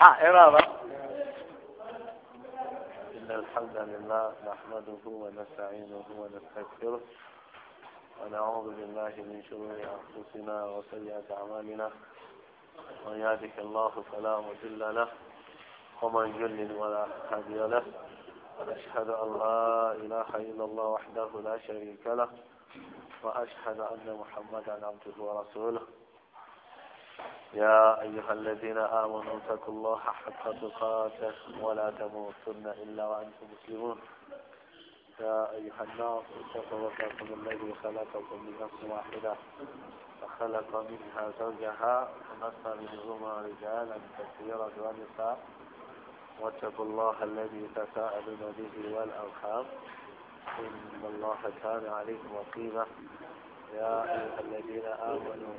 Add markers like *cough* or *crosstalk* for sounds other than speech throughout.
ها إن الحمد لله نحمده ونستعينه ونستغفره ونعوذ بالله من شرور أنفسنا وسيئات أعمالنا من يهدك الله فلا مضل له ومن يضلل ولا هادي له وأشهد أن لا إله إلا الله وحده لا شريك له وأشهد أن محمدا عبده ورسوله يا أيها الذين آمنوا اتقوا الله حق تقاته ولا تموتن إلا وأنتم مسلمون يا أيها الناس اتقوا ربكم الذي خلقكم من نفس واحدة وخلق منها زوجها ونسى منهما رجالا كثيرا ونساء واتقوا الله الذي تساءلون به والأرحام إن الله كان عليكم وقيما يا أيها الذين آمنوا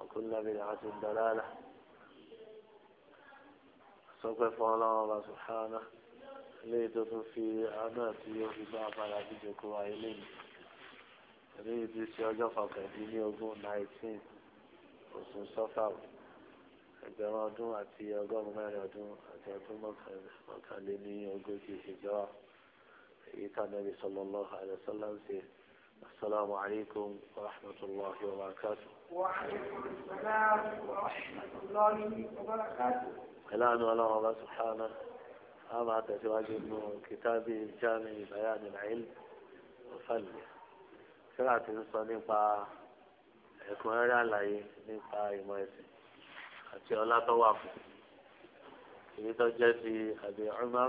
وكل بدعة ضلالة سوف الله سبحانه léèdó tó fi àádọ́ tí ó fi bá padà díje kó wa ilé mi eléyìí ti ṣe ọjọ́ kọkàndín ní ogún nineteen oṣù sọ́fàwù ẹgbẹ̀rún ọdún àti ọgọ́rùn-ún mẹ́rin ọdún àti ọdún mọ́kànléní ogójì ìjọ èyí tàbí sallallahu alaihi wasallam ṣe asalaamu alaykum wa rahmatulahi wa barakatuh. وعليكم السلام ورحمة الله وبركاته. الآن ولا الله سبحانه أمعت أزواج من كتاب الجامع بيان العلم وفن. سمعت نصاً نبا يكون على الله نبا يما حتى أتي توافق. تواف. إذا جدي أبي عمر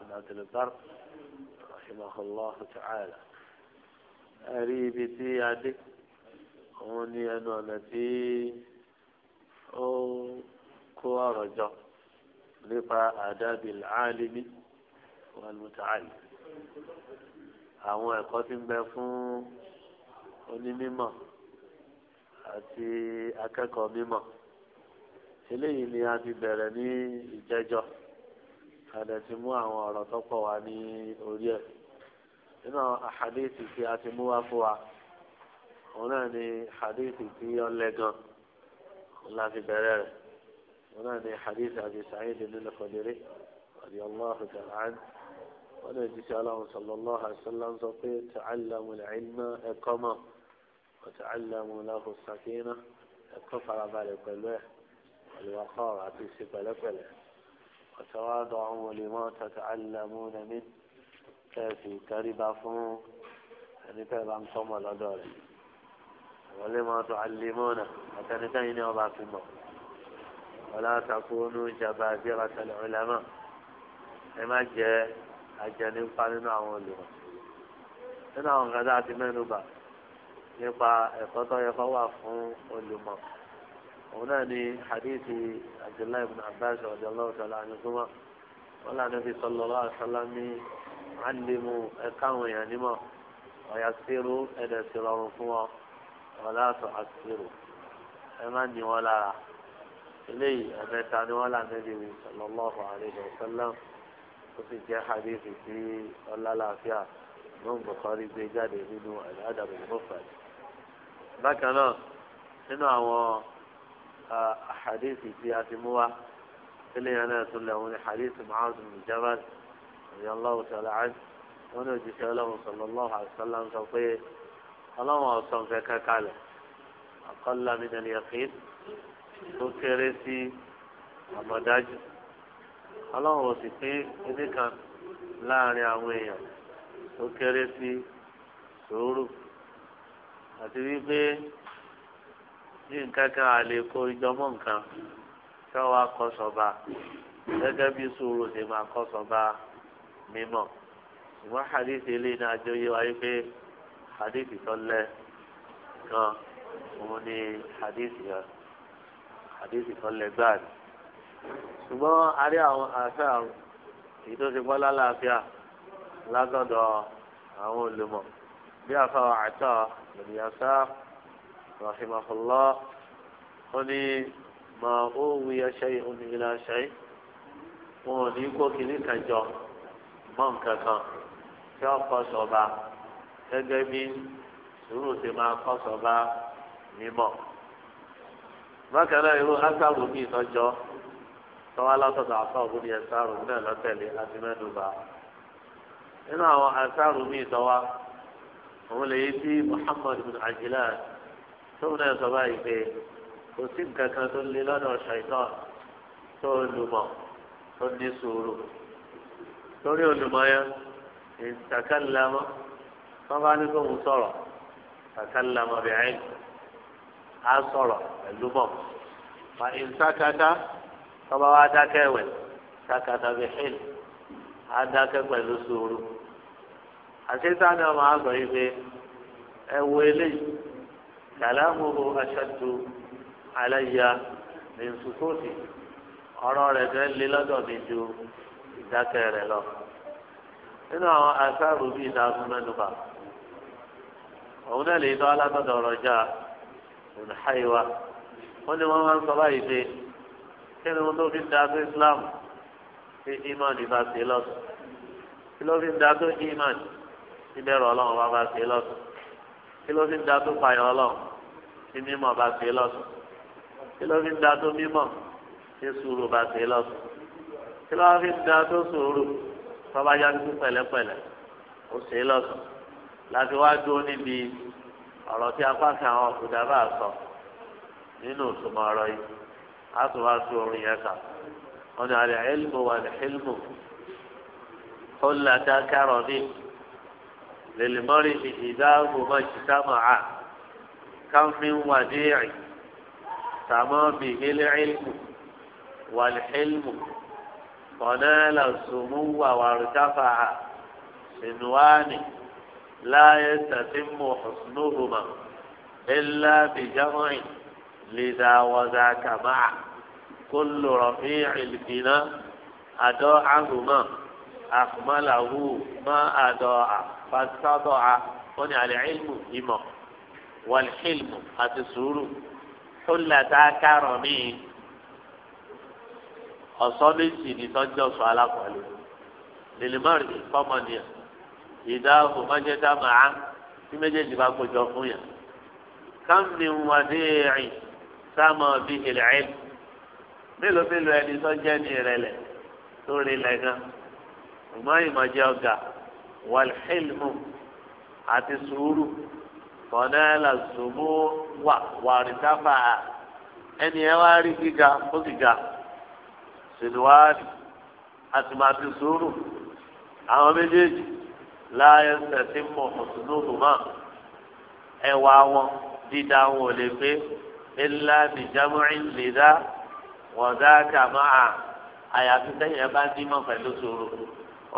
بن عبد البر رحمه الله تعالى. أريبتي أدك òun ni ẹnu ọ̀nà tí ó kó ọ̀rọ̀ jọ nípa àdábìl álimi wàlúùtàálì àwọn ẹ̀kọ́ tí ń bẹ fún onímímọ̀ àti akẹ́kọ̀ọ́ mímọ̀ eléyìí ni a ti bẹ̀rẹ̀ ní ìjẹ́jọ́ a dẹ̀ ti mú àwọn ọ̀rọ̀ tó pọ̀ wá ní orí ẹ̀ nínú àhàdíìsì tí a ti mú wá fún wa òun náà ni hadithi tí ó lẹ́gàn láti bẹ̀rẹ̀ rẹ̀ òun náà ni hadithi àbí sàyẹ́dì nílẹ̀ fọ̀dẹ̀rẹ̀ àbí ọlọ́hu jàlán wọn lè jíṣẹ́ aláwọn sọlọ́lọ́ àṣẹlá ń sọ pé tàcálàmù làìmọ́ ẹ̀kọ́ mọ̀ tàcálàmù làhùn sàkínà ẹ̀kọ́ farabalẹ̀ pẹ̀lú ẹ̀ àlùwàkọ́ àti ìṣe pẹ̀lẹ́pẹ̀lẹ́ وتواضعوا لما تتعلمون منه كافي تربى فون يعني wọlé máa tó alimọ́nà àtẹnikẹ́yìn ní ọba fi mọ̀ wọlé àtàkùnú ìjàmbá àjẹrà tẹlẹ ọlẹ́mà ẹ má jẹ ajẹnipa nínú àwọn olùmọ̀ nínú àwọn nǹkan tá a ti mẹ́nu bà nípa ẹ̀kọ́ tó yẹ kó wà fún olùmọ̀ òun náà ni hadithi abdullahi ibn abbas radiyallahu ta'ala anhuma wọn lànà fi sallallahu alaihi wasallam ní alimu ẹ̀ka àwọn èèyàn nímọ̀ ọ̀yà sírú ẹ̀dẹ̀ sí fún wọn ọ̀la sọ àṣírò ẹ má ní wọn lára eléyìí ẹ̀mẹ́ta ni wọ́n là níbi ìwé sallallahu alaihi wasallam ó sì jẹ́ hadithi tí ọlálàáfíà ló ń Bukhari gbé jáde nínú al-Adab al-Mufrad. bákan náà nínú àwọn hadithi tí a ti mú wa ilé yẹn náà tún lẹ̀ wọ́n ní hadithi Mu'adh bin Jabal radiyallahu ta'ala anhu wọ́n ní òjíṣẹ́ ọlọ́run sallallahu alaihi wasallam sọ pé ọlọ́run ọ̀sán fẹ́ kankalẹ̀ àkọ́lá mi dẹ̀lẹ̀ yàtìn tó kéré sí àmọ̀dájú ọlọ́run ò sì pín ẹni kan láàrin àwọn èèyàn tó kéré sí sùúrù àti wípé ní nǹkan kan àlè kó ìjọmọ́ nǹkan tí wọ́n kọ́ sọ́ba gẹ́gẹ́ bí sùúrù ṣe máa kọ́ sọ́ba mímọ́ ìwọ́n hadithi eléyìí náà jẹ́ wáyé pé hadith tọ́lẹ̀ kan òun ni hadith yẹn hadith tọ́lẹ̀ gbáà ni ṣùgbọ́n a rí àwọn àṣà èyí tó ṣe bọ́lá láàfíà látọ̀dọ̀ àwọn olùmọ̀ bí àfàwọn àtọ̀ ìrìnàṣà rahimahullah ó ní mà ó wí ẹṣẹ́ ìhùnìlà ṣẹ́ wọn ò ní kó kìnnìkan jọ mọ́ nǹkan kan tí wọ́n kọ́ sọ̀ba. gẹ́gẹ́ bí sùúrù ti máa kọ́sọ̀ bá mímọ́. bákan irú ásáàrù bíi ìtọ́jọ́ tọ́wá látọ̀tọ̀ àfọ̀bù ni ẹ̀sáàrù náà lọ́tẹ̀lé àti mẹ́nuba. nínú àwọn ásáàrù bíi ìtọ́wá òun lè yí sí Muhammad bin Ajlan tó ń náà sọ báyìí kò sí nǹkan kan tó lé lọ́dọ̀ ṣàìtàn tó lùmọ̀ tó ní sùúrù. torí olùmọ̀ yẹn ìtàkàlámọ́. wọn bá ní kó ń sọ̀rọ̀ kàkàlà mọbìrin á sọ̀rọ̀ pẹ̀lú bọ wà ìsákàtà tọba wa dákẹ́ ẹwẹ sákàtà bìhìn á dákẹ́ pẹ̀lú sùúrù àti sáni ọmọ àgbà yìí pé ẹ wo eléyìí kàlámùhù aṣáájú aláya ní sùkúrùtì ọ̀rọ̀ rẹ̀ fẹ́ lé lọ́dọ̀ mi ju ìdákẹ́ rẹ̀ lọ nínú àwọn asáàrù bíi ìdáàbò mẹ́nuba òun náà lè tọ́ alágbádọ̀ ọ̀rọ̀ jà òun háìwá wọ́n ní wọ́n máa ń sọ báyìí pé kí ni wọ́n tó fi da sí Islam sí iman ìbá sí lọ́sùn kí ló fi da tó iman ìbẹ̀rù ọlọ́run bá bá sí lọ́sùn kí ló fi da tó payọ̀ ọlọ́run sí mímọ̀ bá sí lọ́sùn kí ló fi da tó mímọ̀ sí sùúrù bá sí lọ́sùn kí ló fi da tó sùúrù tọ́ba yá pẹ̀lẹ́pẹ̀lẹ́ ó sí lọ́sùn láti wá dúró níbi ọ̀rọ̀ tí apá kan àwọn ọ̀kùnrin bá sọ nínú ìtumọ̀ ọ̀rọ̀ yìí a tún wá sí orin yẹn kà ọ̀nà àlẹ́ ẹ̀lmù wà ní ẹ̀lmù ó là dá kárọ̀ ní lèlèmọ́rì ní ìdáhùn mọ́ ìṣìṣà mọ́ a kámi wà ní ẹ̀yìn sàmọ́ mi ilé ẹ̀lmù wà ní ẹ̀lmù ọ̀nà ẹ̀là sùnmù wà wà rúkàfà sinúwánì láyé tàtímù ọ̀sùnúhùmá ilá bìjáwìn lìdáwọ́dá kàmá kólú rọ̀fí ìlbìnà àdọ́ àhùmá àkùmálàhù má àdọ́ àfàtàdọ́ à wọ́n ní àlẹ́ ìlmù ìmọ̀ wàlhílmù àti sùúrù húlàtà kárọ̀ míì ọ̀sọ́ méjì ní tọ́jú ọ̀sọ́ alákọ̀ọ́lẹ̀ lèlè márùn-ún fọ́mọ́nìyàn ìdáhùn májẹ́dá màá tí méjèèjì bá kójọ fún yàn. kámi wàdéèrè sáàmù bí ìlẹ́ẹ̀l mélòó mélòó ẹni tó jẹ́ ní ìrẹ̀lẹ̀ tó rí lẹ́gàn ṣùgbọ́n ìmọ̀jẹ́ ọ̀gá wàlhílmù àti sùúrù kọ̀nẹ́là zùmú wà wàrìdáfà ẹni ẹ wá rí gíga ó gíga sìnùwárì àti màtí sùúrù àwọn méjèèjì láyé ṣẹ̀sìn mọ̀ ọ̀túnúhùn mọ́ ẹwà wọn dídá wọn ò lè pé ńlá nìjámọ́rin lè dá wọ́n dá kà máa àyàfi sẹ́yìn ẹ bá dímọ̀ pẹ̀lú sòrò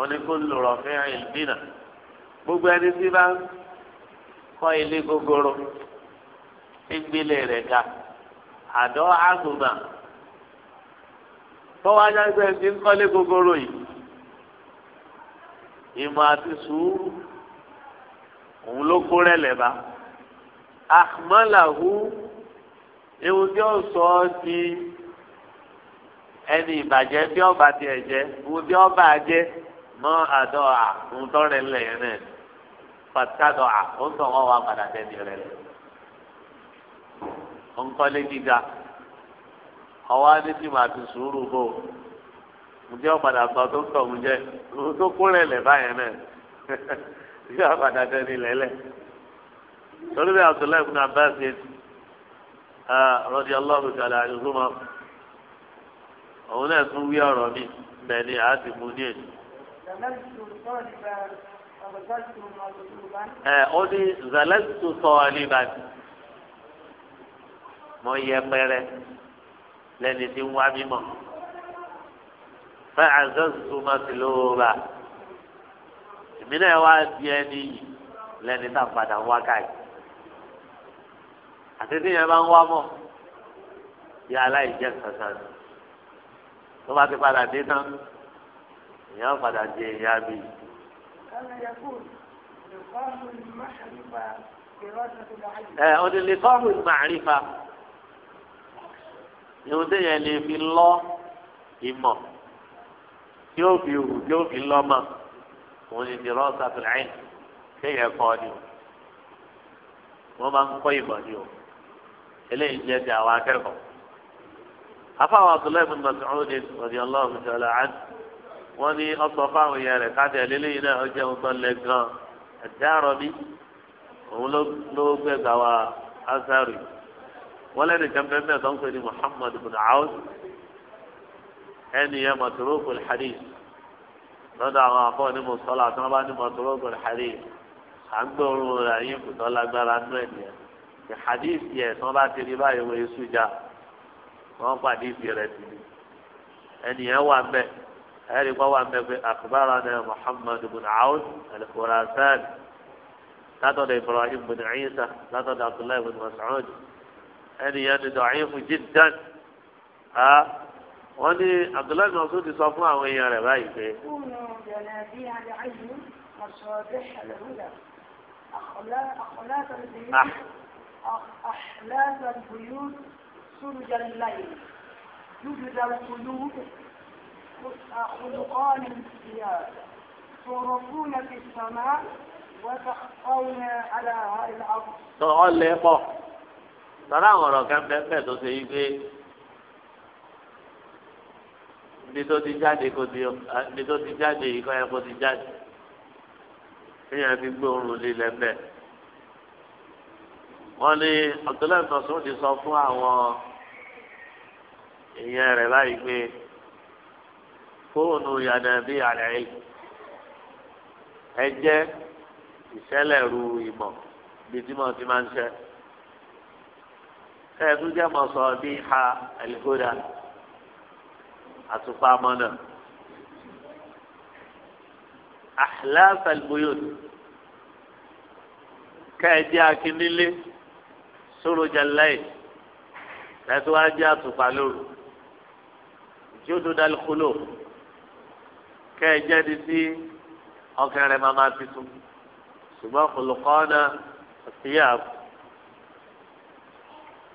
oníkóló rọ̀fẹ́ ìlbínà gbogbo ẹni tí bá ń kọ́ ilé gogoro ìgbélé rẹ̀ ga àdó àgùnbà tọ́wọ́ ajá gbẹ̀ǹdì ń kọ́lé gogoro yìí ìmọ̀ àti sùúrù òun ló kó rẹ̀lẹ̀ bá ahmalahu ewu tí ó sọ ọ́ di ẹni ìbàjẹ́ bí ọba tiẹ̀ jẹ́ ewu tí ọba jẹ́ mọ́ àdọ́ à ń tọ́rẹ̀ ńlẹ̀ yẹn náà pàtàkì à ó ń padà tẹ̀lé rẹ̀ lẹ̀ ó ń kọ́lé gíga ọwọ́ á tí màá ti sùúrù bò ó. ǹjẹ́ ọ̀padà sọ tó ń tọ̀ ń jẹ́ òun tó kó lẹ̀lẹ̀ báyẹn náà ǹjẹ́ ọ̀padà tẹ́ni lẹ́lẹ̀. torí bí Abdullahi ibn Abbas radiyallahu ta'ala anhuma òun náà tún wí ọ̀rọ̀ mi bẹ́ẹ̀ ni àá ti mú ní èyí. ẹ ó ní zalẹ́tù sọ alibani mo yẹ pẹrẹ lẹni tí ń wá mímọ́. fẹ́ àzọ́sùn máa ti lówó bá èmi náà wá di ẹni yìí lẹ́ni náà padà wá káyìí àti tí yẹn bá ń wá mọ̀ bí aláìjẹ́ kankan ni tó bá ti padà dé tán èèyàn padà di èèyàn bí. ẹ ọ ní lè kọ́ọ̀mù màrífa ìhun tí yẹn lè fi lọ ìmọ̀ tí ó fi hù tí ó fi lọ́mọ òun ni dìrọ́ sàtìláìn kéèyàn kọ́ ni o wọ́n máa ń kọ́ ìmọ̀ ni o eléyìí jẹ́ ti àwọn akẹ́kọ̀ọ́. afáwọn abdullahi bin mas'ud radiyallahu ta'ala anhu wọ́n ní ọ̀sọ̀ fáwọn èèyàn rẹ̀ káàdì ẹ̀lẹ́lẹ́yìn náà ó jẹ́ ohun lẹ gan ẹ̀dáàrọ̀ mi òun ló gbẹ̀gbà wa azari wọ́n lẹ́nu jẹ́ mẹ́mẹ́ ń pè ní muhammad bin awd ẹni yẹn mọ̀tòrókò ìhàdí lọ́dọ̀ àwọn afọ́ ní mọ̀sọ́lá tí wọ́n bá ní mọ̀tòrókò ìhàdí à ń gbóòórùn rẹ̀ yín kò tọ́ lágbára nú ẹ̀ nìyẹn ìhàdí ìfìyẹ̀ tí wọ́n bá ti rí báyìí wọ iṣu já wọ́n pàdé ìfì rẹ̀ sí i ẹni yẹn wà mbẹ ẹni kọ́ wà mbẹ pé àkùbára náà Muhammad ibn Awd al látọ̀dọ̀ Ibrahim ibn Isa látọ̀dọ̀ Abdullahi ibn Mas'ud ẹni yẹn ni da'if wọ́n ní abdullahi masoud ti sọ fún àwọn èèyàn rẹ̀ báyìí pé. أحلاف البيوت سرج الليل يجد القلوب خلقان الثياب تعرفون في السماء وتخفون على الأرض. sọ̀rọ̀ lẹ́pọ̀ sọ̀rọ̀ àwọn ọ̀rọ̀ kan bẹ́ẹ̀ bẹ́ẹ̀ tó ṣe yí pé ibi tó ti jáde kò ti ibi tó ti jáde yìí kọ́ yẹ kó ti jáde kéèyàn fi gbé oorun lílẹ̀ mbẹ́. wọ́n ní Abdullahi nọ̀sùn ti sọ fún àwọn èèyàn rẹ̀ báyìí pé fóònù yàdà bíi yìí ẹ jẹ́ ìṣẹ̀lẹ̀ ru ìmọ̀ ti máa ń ṣe. ẹ tún jẹ́ mọ̀ sọ bíi ha ẹ̀lẹ́kọ́dà àtúpà mọ́nà ahlaf albuyut kẹ́ẹ̀dí akínílé sórojà láì tẹ̀síwájú àtúpà lóru jódò dálùkúlò kẹ́ẹ̀jẹ́ di sí ọkàn rẹ̀ máa máa tuntun ṣùgbọ́n kòlùkọ́ọ́nà ṣìyà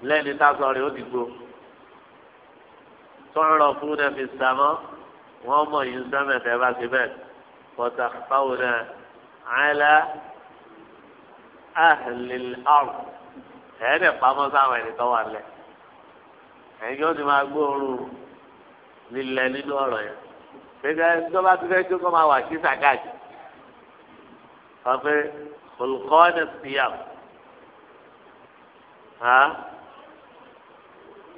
lẹ́ni tá a sọ rẹ̀ ó ti gbó tọrọ fún náà fi sàmọ wọn mọ yìí sẹmẹtẹ bá ti bẹ pọtà fáwọn náà àìlá àhìlìl ọrùn ẹẹdẹ pamọ́ sáwọn ẹni tó wà lẹ ẹni yóò ti máa gbóòórùn lílẹ nínú ọ̀rọ̀ yẹn gbẹgbẹ tó ti fẹ́ tó kọ máa wà sí sàkáàtì ọpẹ olùkọ́ ọdẹ síyàm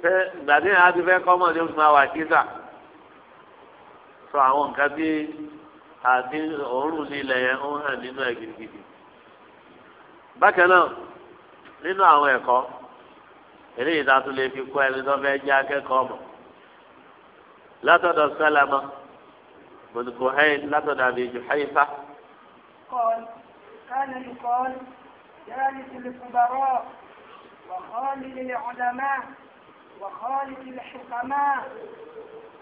ṣe gbàdé yẹn á ti fẹ́ kọ́ mọ̀ ní oṣù máa wà kíkà sọ àwọn nǹkan bí àti òórùn nílẹ̀ yẹn ó hàn nínú ẹ̀ gidigidi. bákan náà nínú àwọn ẹ̀kọ́ eléyìí tá a tún lè fi kọ́ ẹni tó fẹ́ jẹ́ akẹ́kọ̀ọ́ mọ̀ látọ̀dọ̀ sálámà bùdùkù hẹ́yìn látọ̀dọ̀ àbíjù hẹ́yìfà. قال كان يقال جالس الخبراء وخالق الحكماء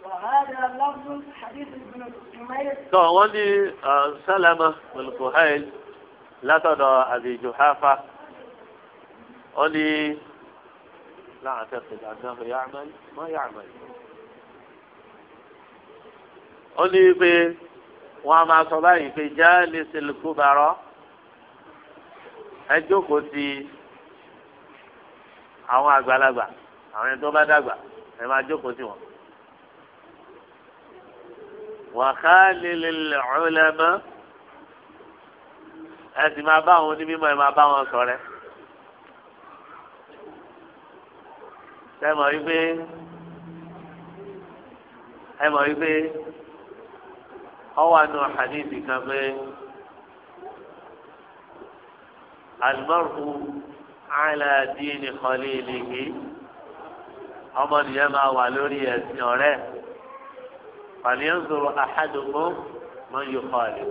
وهذا لفظ حديث ابن جميل تغني سلمة والكهيل لا تدع أبي جحافة قولي لا أعتقد أنه يعمل ما يعمل قولي في وما صلاحي في جالس الكبراء أجوكتي àwọn àgbàlagbà àwọn ẹni tó bá dàgbà ẹ máa jókòó sí wọn. وخالل العلماء ẹ sì máa bá àwọn onímọ̀ ẹ máa bá wọn ṣọ̀rẹ́. ẹ mọ̀ wípé ẹ mọ̀ wípé ọwọ́ àánú hadith kan pé المرء على دين خليله ọmọ nìyẹn máa wà lórí ẹ̀sìn ọ̀rẹ́ fàníyàn sọ̀rọ̀ àhádùnmọ́ máa ń yọ kọ́ àlè.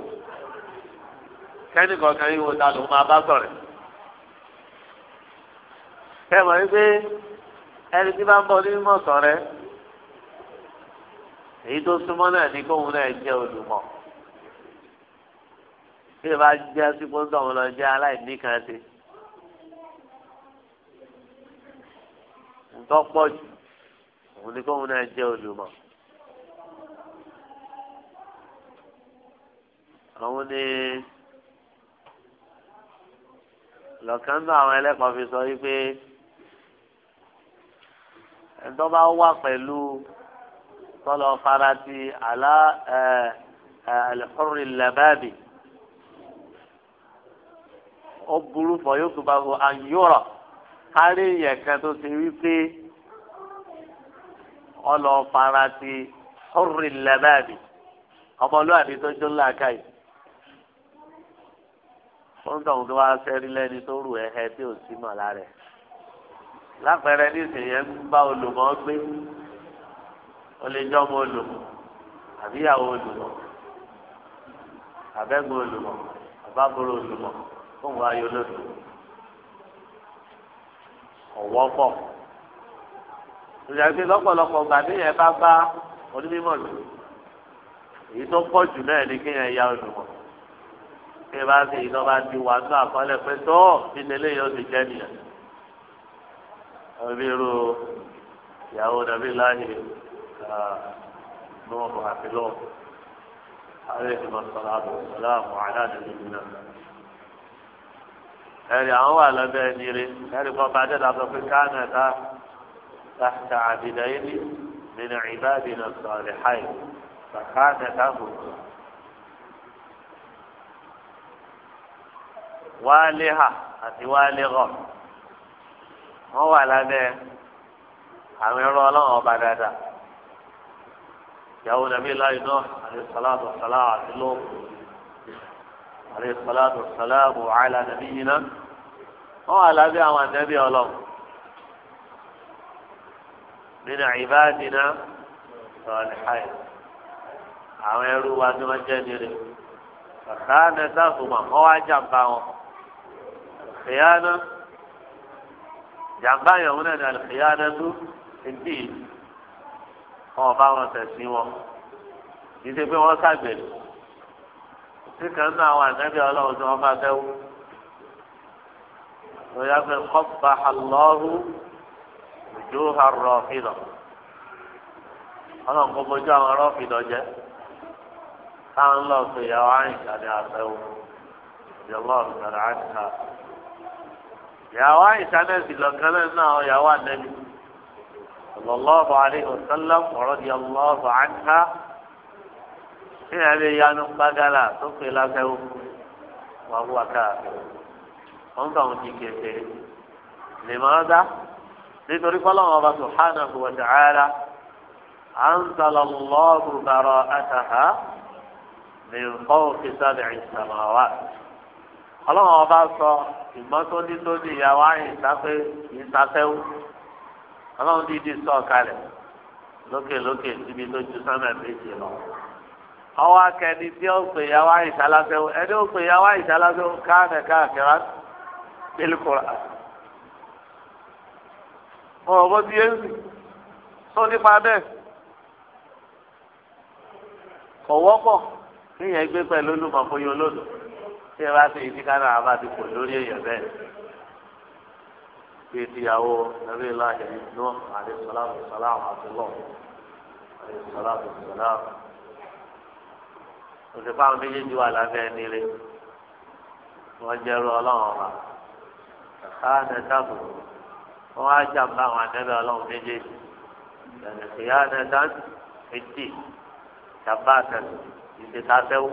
kẹ́nìkan kan yíwo ta ló máa bá sọ̀rọ̀. kẹ́ mọ̀ wípé ẹni tí bá ń bọ̀ ní mímọ̀ sọ̀rẹ́ èyí tó súnmọ́ náà ní kóun náà jẹ́ olùmọ̀. bí ìbá jẹ́ sípò ń dọ̀wọ́ lọ jẹ́ aláìní kan ṣe. ntọ́pọ̀ jù òun ni kóun náà jẹ́ olùmọ̀. àwọn ni lọ́kàn náà àwọn ẹlẹ́kọ̀ọ́ fi sọ wípé ẹ̀ńtọ́ bá wà pẹ̀lú tọ́lọ̀ farati àlá alḥurri lababi ó burú fọ yóò tó bá fọ àyọ̀rọ̀ kárí yẹ̀kẹ́ tó ti wípé. ọlọ fara ti hurri lababi ọmọlúwàbí tó jó ńlá káyì fún tọ̀hún tó wá sẹ́rí lẹ́ni tó rù ẹ̀hẹ́ tí ò sí mọ̀ lára ẹ̀ lápẹẹrẹ ń bá olùmọ̀ gbé ó lè jọ́ olùmọ̀ àbíyàwó olùmọ̀ àbẹ́gun olùmọ̀ àbáboro olùmọ̀ fún wa yọ ọ̀wọ́ pọ̀. ìyàgbé lọ́pọ̀lọpọ̀ gbà bí yẹn bá bá onímọ̀ lò èyí tó pọ̀ jù náà ni kí yẹn ya olùmọ̀ kí yẹn bá ṣe èyí tó bá ti wà ní àkọọ́lẹ̀ pé tó bí nílé yóò ti jẹ́ nìyẹn. àbí irú ìyàwó nàbí láàyè ah, nùwọ̀n àti lọ́wọ́ àlejò mọ̀sálà àbùsálà àwọn aláàdúgbò náà ẹ̀rì àwọn wà lọ́bẹ̀ ẹni ẹ̀rì kan bá dẹ́ta sọ pé káàmẹ́ta. تحت عبدين من عبادنا الصالحين فكان له wàlíhà àti wàlíhọ wọn wà lábẹ́ àwọn ẹrọ Ọlọ́run ọba dáadáa ìyàwó nàbí láyé náà àlẹsàlátù sàlámù àti lóòkù àlẹsàlátù sàlámù àlà nàbí yìí náà wọn wà lábẹ́ àwọn ànábì Ọlọ́run nínú àyíbáàdínà sọ̀rọ̀lẹ́hàì àwọn ẹrú wa ni wọ́n jẹ́ nílé kàkà nẹ́tà fúnmọ̀ kọ́ wá jàmbá wọn kìyànà jàmbá yẹn wọn náà ní kìyànà tó ẹbí wọn bá wọn tẹ̀sí wọn kì í ṣe pé wọ́n ṣàgbèrè kíkan náà àwọn ànábì ọlọ́run tí wọ́n bá fẹ́ wú. Oyàgbẹ́ kọ́ bá alọ́rù ojú arọ fìlọ ọlọ́run kò bójú àwọn arọ fìlọ jẹ táwọn lọ sí ìyàwó àyìnká ní àtẹwò ìjọba ọ̀sán àyìnká ìyàwó àyìnká náà sì lọ kẹlẹ náà ìyàwó ànẹbí sallallahu alayhi wa sallam radiyallahu anha ìyá lè yanu gbàgàlà tó pè láfẹwò wà wúwa káàkiri wọn kàn ń di kékeré lè máa dá nítorí fọlọ́wọ́n ọba subhanahu wa ta'ala anzalallahu bara'ataha min fawqi sab'i samawat. ọlọ́wọ́n ọba sọ ìmọ́tónítóní ìyàwó àyìnṣá pé ìṣàfẹ́wò ọlọ́run dídí sọ kalẹ̀ lókè lókè síbi tó ju sánmà méjì lọ. ọwọ́ akẹ́ni tí ó pè ìyàwó àyìnṣá lásẹ̀wò ẹni ó pè ìyàwó àyìnṣá lásẹ̀wò káàdẹ̀ káàkiri ọ̀rọ̀ ti yẹn sì tó nípa bẹ́ẹ̀ kò wọ́pọ̀ níyẹn gbé pẹ̀lú olùmọ̀ fún yín olódò tí ẹ bá ti ìdí kánà àbá ti pò lórí èèyàn bẹ́ẹ̀ bíi tìyàwó ẹbí láàyè nínú àdìsọ́láàmù sọ́láàmù àti lọ́ọ̀ àdìsọ́láàmù sọ́láàmù òṣèpá àwọn méjèèjì wà lábẹ́ ẹni rẹ̀ wọ́n jẹ́rú ọlọ́run ọba kàkà nẹ́tàbùrù wọn á jàmbá àwọn àtẹ́bẹ̀ ọlọ́run méjèèjì ẹ̀rẹ̀ ìyá ẹ̀dá ètì jàmbá àtẹ̀sí ìdèkà sẹ́wó.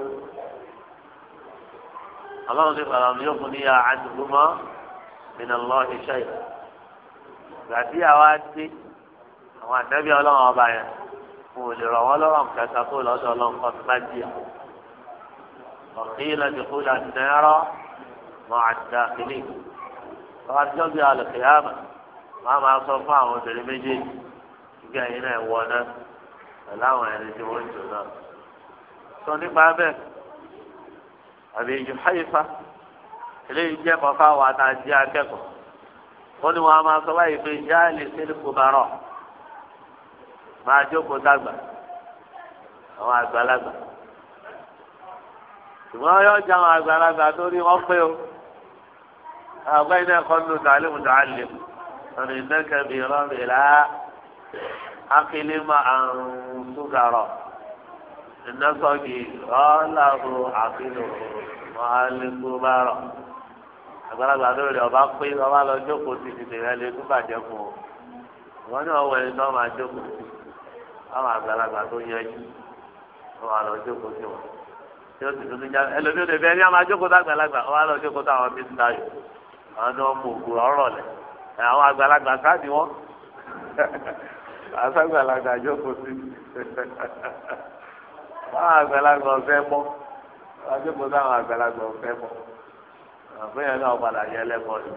ọlọ́run ti fara mi yóò fún ní àdùgbùmọ́ nínú lọ́ iṣẹ́ yìí. ìgbà tí àwa dé àwọn àtẹ́bẹ̀ ọlọ́run ọba yẹn kò lè rọ̀ wọ́n lọ́rọ̀ kẹta kó lọ́dọ̀ ọlọ́run kọ́ tó bá jìyà. ọ̀kìlẹ̀ ti kú làǹdẹ́rọ̀ mọ́ àdàkìlì. ọ̀rọ̀ àtijọ́ wọ́n á máa sọ fún àwọn obìnrin méjèèjì ibi ẹ̀yin náà wọ náà pẹ̀lú àwọn ẹni tí wọ́n jù náà. sọ nípa bẹ́ẹ̀ àbí ìjù háyífá eléyìí jẹ́ kọ́kọ́ àwọn àtàjì akẹ́kọ̀ọ́ wọ́n ní wọ́n á máa sọ báyìí pé ìyá lè ṣe ní kubarọ̀ máa jókòó dàgbà àwọn àgbàlagbà ṣùgbọ́n yóò jẹ́ àwọn àgbàlagbà torí wọ́n pé o àwọn ẹgbẹ́ iná ẹ̀kọ́ nínú tàlímù ma برملا أقلم عن سكر إن صغيره عقله وهل كبار àgbàlagbà lórí rẹ ọba pé ọba lọ jókòó sí ti tẹ̀lé lé tó fún ọ wọn n'i ọwọ́ ẹni tó máa jókòó sí àwọn àgbàlagbà tó yanjú ọba lọ jókòó sí wọn tí o ti tuntun já ẹlòmíràn ẹbí ẹni àwọn tó jókòó tó àwọn n'i wọn mú àwọn àgbàlagbà sáàdì wọn àṣàgbàlagbà jókòó sí àwọn àgbàlagbà ọ̀fẹ́ mọ́ àjókòó sí àwọn àgbàlagbà ọ̀fẹ́ mọ́ àfihàn náà padà yẹ lẹ́kọ̀ọ́ ni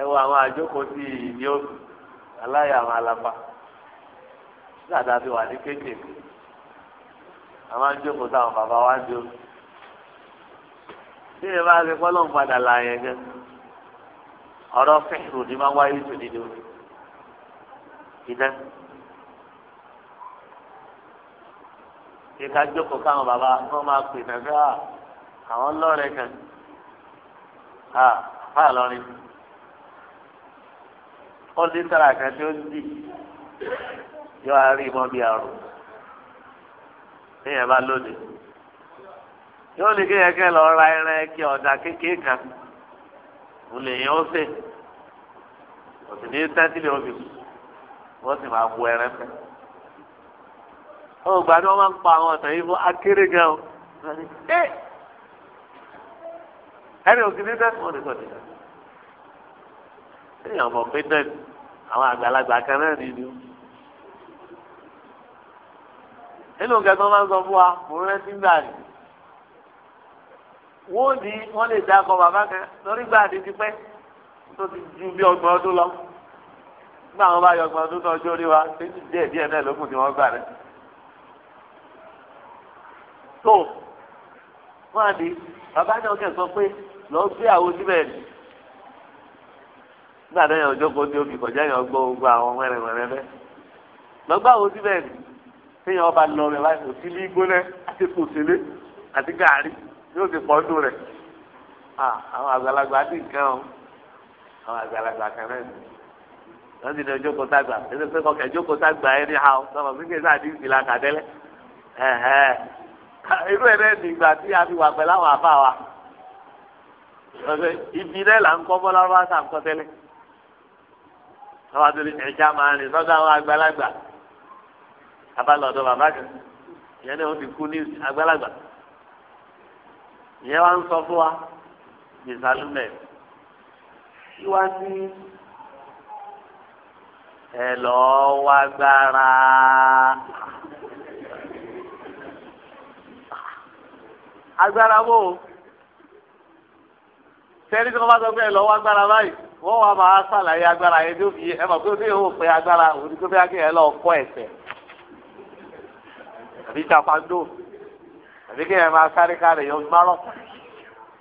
ẹ wo àwọn àjókòó sí ìní òsì aláya àwọn alapa dáadáa fi wà ní kéékèèké àwọn àjókòó sí àwọn bàbá wa ń dúró bí ẹ bá ti pọ́ lóun padà là yẹn gẹ́gẹ́ ọ̀rọ̀ fẹ́ẹ̀rù ni máa wáyé tó nínú iná. ìka jókòó káwọn bàbá kí wọ́n máa pè nàgbà àwọn lọ́rẹ̀ kan fà lọ́rin ó ní sára kan tí ó ń dì yọ àárín mọ́ bí àrùn níyẹn bá lónìí yóò ní kéèyàn kẹ́ lọ ra ẹran ẹkẹ ọ̀dà kékeré kan olè yẹn ó sè òsì ní tẹ́tìlì òbí wọ́n sì máa bu ẹrẹ́ fẹ́. ó gbà ní wọ́n máa ń pa àwọn ọ̀tàn yìí fún akéré gan o. ẹni òsì ní tẹ́tìlì wọ́n ti sọ̀tì náà. èèyàn mọ̀ pé náà àwọn àgbàlagbà kan náà nínú. nínú nǹkan tó máa ń sọ fún wa mò rántí gbà wọ́n ní wọ́n lè dá akọ bàbá kan lórí gbà àti ti pẹ́ tó ti ju bí ọgbọ̀n ọdún lọ nígbà wọn bá yọ ọgbọ̀n ọdún tó ọjọ́ orí wa tẹ́jú díẹ̀ díẹ̀ náà lókun tí wọ́n gbà rẹ̀. tó wọ́n á di bàbá náà kẹ́ sọ pé lọ gbé àwo síbẹ̀ ni nígbà náà yàn ọjọ́ kó ní omi kọjá yàn gbọ́ gbogbo àwọn mẹ́rẹ̀mẹ́rẹ́ bẹ́ẹ̀ lọ gbá àwo síbẹ̀ ni téèyàn ọba lọ rẹ̀ láì kò sí ní gbóná yóò ti pọ̀ rẹ̀ àwọn àgbàlagbà á dín nǹkan o àwọn àgbàlagbà kan ni wọ́n ti ní ojókòó sàgbà ẹni pé kọ́kẹ́ ojókòó sàgbà ẹni ha ọ sọ̀rọ̀ sí kéésà àdín ìlà kàdẹ́lẹ̀ irú ẹ̀ náà nìgbà tí a fi wà pẹ̀lú àwọn àfa wa ibi náà là ń kọ́ bọ́lá wá sàǹkọ́ tẹ́lẹ̀ àwọn ẹ̀já máa rìn lọ́dọ̀ àwọn àgbàlagbà abalọ̀dọ̀ bàbá kan ìyẹn náà ó ti kú ní àgbàlagbà. ìyẹn wá ń sọ fún wa jerusalem ìwà sí ẹ lọ́ọ́ wá gbára agbára bò ó sẹ́ni tí wọ́n bá sọ pé ẹ lọ́ọ́ wá gbára báyìí wọ́n wá máa ṣàlàyé agbára yẹn tó fi ẹ mọ̀ pé ó ní ìhòòhò pé agbára òun tó fi kí ẹ lọ́ọ́ kọ́ ẹ̀sẹ̀ àbí ìjàpá dò àbí kí ẹ máa sáré kárẹ̀ yọ gbárọ̀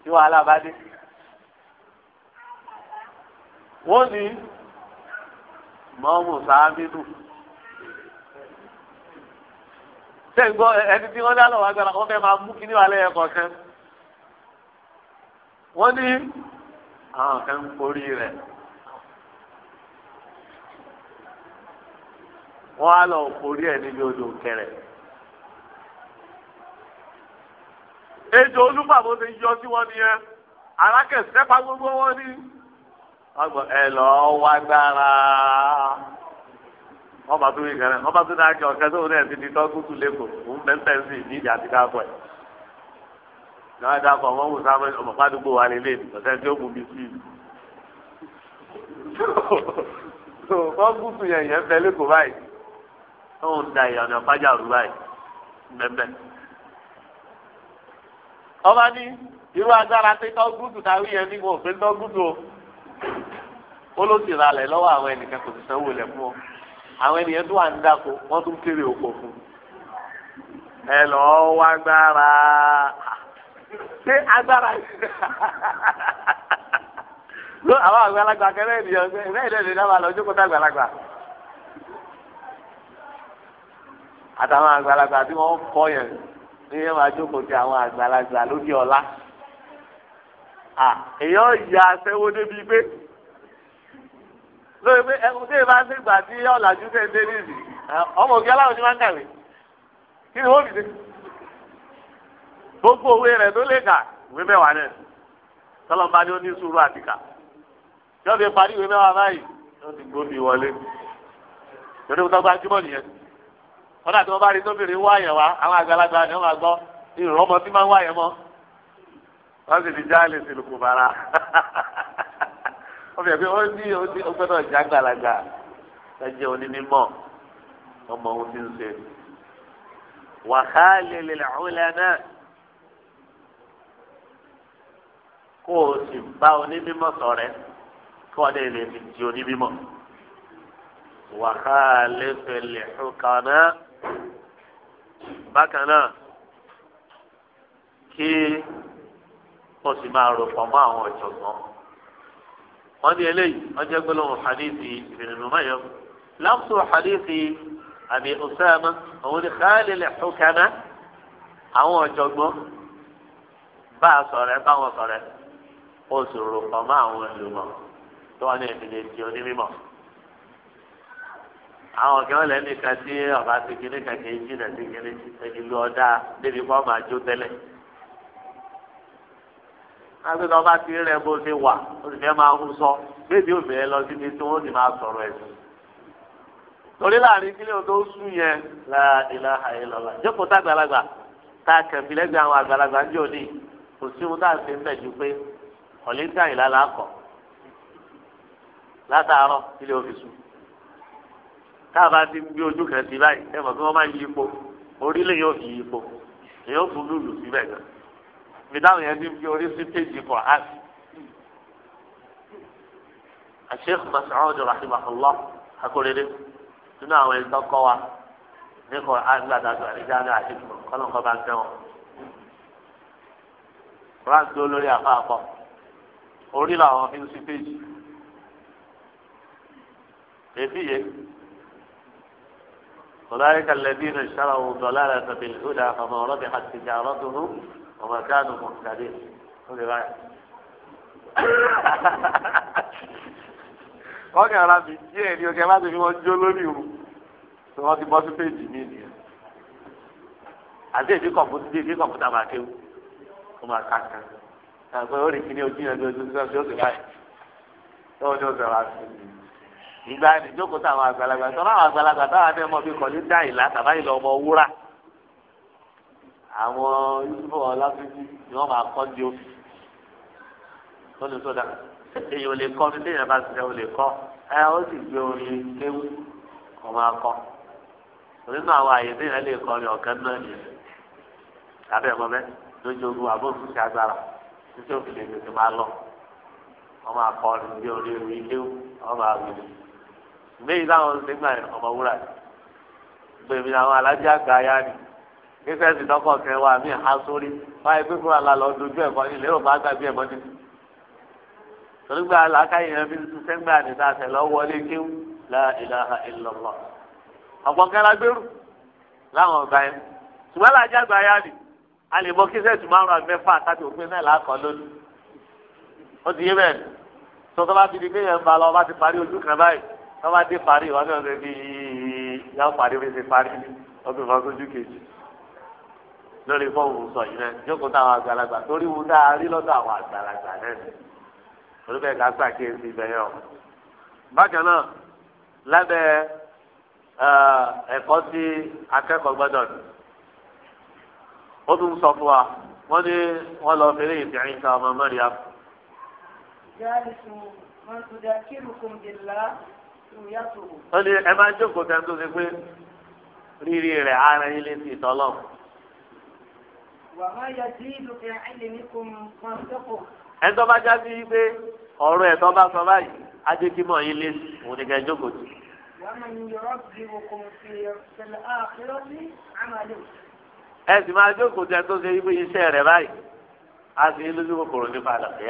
tí wàhálà bá dé. wọ́n ní mọ́mù sàmínú sẹ́gbọ́ ẹni tí wọ́n dá lọ́wọ́ agbára wọ́n fẹ́ máa mú kí ní wàhálà yẹn kọ̀ọ̀kan. wọ́n ní àwọn kan ń forí rẹ̀. wọ́n á lọ forí ẹ̀ níbi odò kẹrẹ̀. ejò olúfàbó ti yọ sí wọn nìyẹn alákẹ̀sẹ̀ pa gbogbo wọn ní. ọgbọ ẹ lọ wá gbára wọn bá tó yí kẹrẹ wọn bá tó náà kẹ ọkẹ tó wọn náà ti di tọ́ gúgú lẹ́kọ̀ọ́ òun pẹ́ńpẹ́ sí ìdí ìjà ti ká pọ̀ ẹ̀. náà dáa kọ̀ wọ́n wù ọmọ pàdúgbò wa lélẹ̀ ọ̀sẹ̀ tí ó mú mi sí i. wọ́n gúgú yẹn yẹn fẹ́ lẹ́kọ̀ọ́ báyìí. tóun da ìyànà fájà rú báyìí mẹ́mẹ́ ọba ní irú agbára pé tọ́gùdù táwí yẹn ní mo fẹ́ tọ́gùdù o ó ló sì ralẹ̀ lọ́wọ́ àwọn ènìyàn kò sì sanwó lẹ̀ fún ọ àwọn ènìyàn tó wà ń dáko wọ́n tún kéré oko fún ẹ lọ́ọ́ wá gbára ṣé agbára ló àwọn àgbàlagbà kẹrẹ ènìyàn gbẹ ìrẹ́ ìdẹ́ ìdẹ́ dábàá lọ jókòó tá àgbàlagbà àtàwọn àgbàlagbà tí wọ́n kọ́ yẹn ìyẹn máa jókòó ti àwọn àgbàlagbà lóde ọ̀la èèyàn ya aṣẹ́wó débi pé lórí pé ẹkùn tí èèyàn bá ṣe gbà tí ọ̀làjú tẹ̀ ń dé nìyí ọmọ òkè aláwọ̀ ti máa ń kàwé kí ni wọ́n fi dé gbogbo òwe rẹ̀ ló lè kà ìwé mẹ́wàá náà tọ́lọ́mọba ni ó ní sùúrù àtìkà yọ̀ọ́ fi parí ìwé mẹ́wàá báyìí yọ̀ọ́ ti wọlé torí mo gbajúmọ̀ nìyẹn kọ́dà tí wọ́n bá rí tóbìnrin wá àyàn wá àwọn àgbàlagbà ni wọ́n máa gbọ́ ìrọ̀ ọmọ tí máa ń wá àyàn mọ́ sì fi já lè lùkù bàrà wọ́n fi ẹ̀ pé ó ní ó gbọ́dọ̀ já gbàlagbà ẹ̀jẹ̀ onímọ̀ ọmọ ohun tí ń ṣe wàhálẹ̀ lè kó o sì bá onímọ̀ sọ̀rẹ́ kó o lè fi di onímọ̀ wàhálẹ̀ fẹ̀lẹ̀ bákan náà kí wọ́n sì máa rò pọ̀ mọ́ àwọn ọ̀jọ̀gbọ́n wọ́n ní eléyìí wọ́n jẹ́ gbólóhùn hadithi Ibn Umayyah lafzu hadithi Abi Usama òun ni khaalil hukama àwọn ọ̀jọ̀gbọ́n bá a sọ̀rọ̀ ẹ báwọn sọ̀rọ̀ ẹ ó sì rò pọ̀ mọ́ àwọn ẹlòmọ̀ tó wọ́n ní ẹ̀sìn lè di onímọ̀ àwọn kẹwọn lẹni kan tí ọba ti kiri kàkẹ́ yìí náà ti kiri ìlú ọ̀dà débi kọ́ máa jó tẹ́lẹ̀. láti lọ bá ti rẹ bó ṣe wà ó sì fẹ́ máa ń sọ bébí obìnrin lọ síbi tí wọ́n sì máa sọ̀rọ̀ ẹ̀sìn. torí láàrin kílẹ̀ o tó sùn yẹn láìlá àìlọ́lá jókòó tá àgbàlagbà tá a kẹ̀fì lẹ́gbẹ̀ẹ́ àwọn àgbàlagbà ń jò kò sí ohun tá a ṣe ń ju pé ọ̀lẹ́ntàyìnlá làákọ̀ látàárọ̀ kílẹ̀ òfìsù káàbá ti gbé ojú kan sí báyìí ẹ mọ̀ kí wọ́n máa yí ipò orílẹ̀ yóò fi yí ipò èyí ó fún lùlù síbẹ̀ gan mi dáhùn yẹn ti fi orí sí péjì kọ̀ á sí. Sheikh Mas'ud rahimahullah akóredé nínú àwọn ẹni tó kọ́ wa ní kọ́ agbádàgbà àdéjà ní àdéjùmọ̀ kọ́lọ́kọ́ bá ń tẹ́wọ̀n. ráńdó lórí àpapọ̀ orí làwọn fi ń sí péjì. èbí yẹn. أولئك الذين اشتروا الضلالة بالهدى فما ربحت تجارتهم وما كانوا مهتدين wọ́n kàn ra mi díẹ̀ ní ọkẹ́ láti fi wọ́n jó lórí o tí wọ́n ti bọ́ àti èdè kọ̀m̀pútà èdè kọ̀m̀pútà máa kéwù kó máa ká kan àgbẹ̀ ó rìn kí ní ojú yẹn ní ojú sísá tí ó sì báyìí tó ní ó sọ̀rọ̀ àti ìlú ìgbà ìjókòó táwọn àgbàlagbà tọ́lá àwọn àgbàlagbà táwọn adé mọ́ bí kọ́lí dá ìlà tàbá ìlọ ọmọ wúrà àwọn yusuf ọlábíbí ni wọ́n máa kọ́ di omi lónìí sódà èyàn lè kọ́ mi léyìn abáṣiṣẹ́ ò lè kọ́ ẹ ó sì gbé orin kéwù kọ́ máa kọ́ nínú àwọn àyè téèyàn lè kọ́ ni ọ̀kẹ́ náà yẹn lábẹ́ ẹ̀kọ́ bẹ́ẹ̀ lójú ogun àbófin ṣe agbára títí òfin lè tètè máa lọ wọ́n máa kọ́ orin kéwù wọ́n máa ìbéyìí táwọn nígbà yẹn ọmọ wúrà ni gbèmí àwọn alájà àgbà yá ni kíkẹ́sì dọ́kọ̀ kẹ́ wa mí ha sórí báyìí pé fúnra la lọ dojú ẹ̀kọ́ ìlérò bá gbàgbé ẹ̀mọ́ ni. torígbà làákàyè yẹn fi ṣiṣẹ́ gbà ní sàṣẹ lọ́wọ́lé kíw la ilaha illallah. ọ̀pọ̀ kẹ́la gbèrú láwọn ọ̀gá yẹn ṣùgbọ́n alájà àgbà yá ni a lè mọ kíkẹ́sì márùn-ún àgbẹ̀fà àtàkì òfin náà làákọ̀ lónìí. ó ti yé bẹ́ẹ̀ ni sọ́tọ́ bá ti di kéèyàn ń kan báyìí wọ́n bá dé parí ìwọ́n náà ṣe bí yàrá parí bí ṣe parí ọdún fún ọdún kejì lórí fọ́ọ̀mù sọ yìí náà jókòó táwọn àgbàlagbà torí wu tá a rí lọ́dọ̀ àwọn àgbàlagbà náà ni olùbẹ̀ ká sàkíyèsí ibẹ̀ yẹn o. bákan náà lábẹ́ ẹ̀kọ́ tí akẹ́kọ̀ọ́ gbọ́dọ̀ ní ó tún sọ fún wa wọ́n ní wọ́n lọ fèrè ìfìhìn ká ọmọ mọ́ríyá. wọ́n ní ẹ máa jókòó tẹ́ tó pé rírì ara yín lè ti tọ́lọ̀. ẹ bá já sí pé ọ̀rọ̀ bá sọ báyìí ajékímọ̀ yín lé òun ni kẹ́ jókòó tì. ẹ máa jókòó tó pé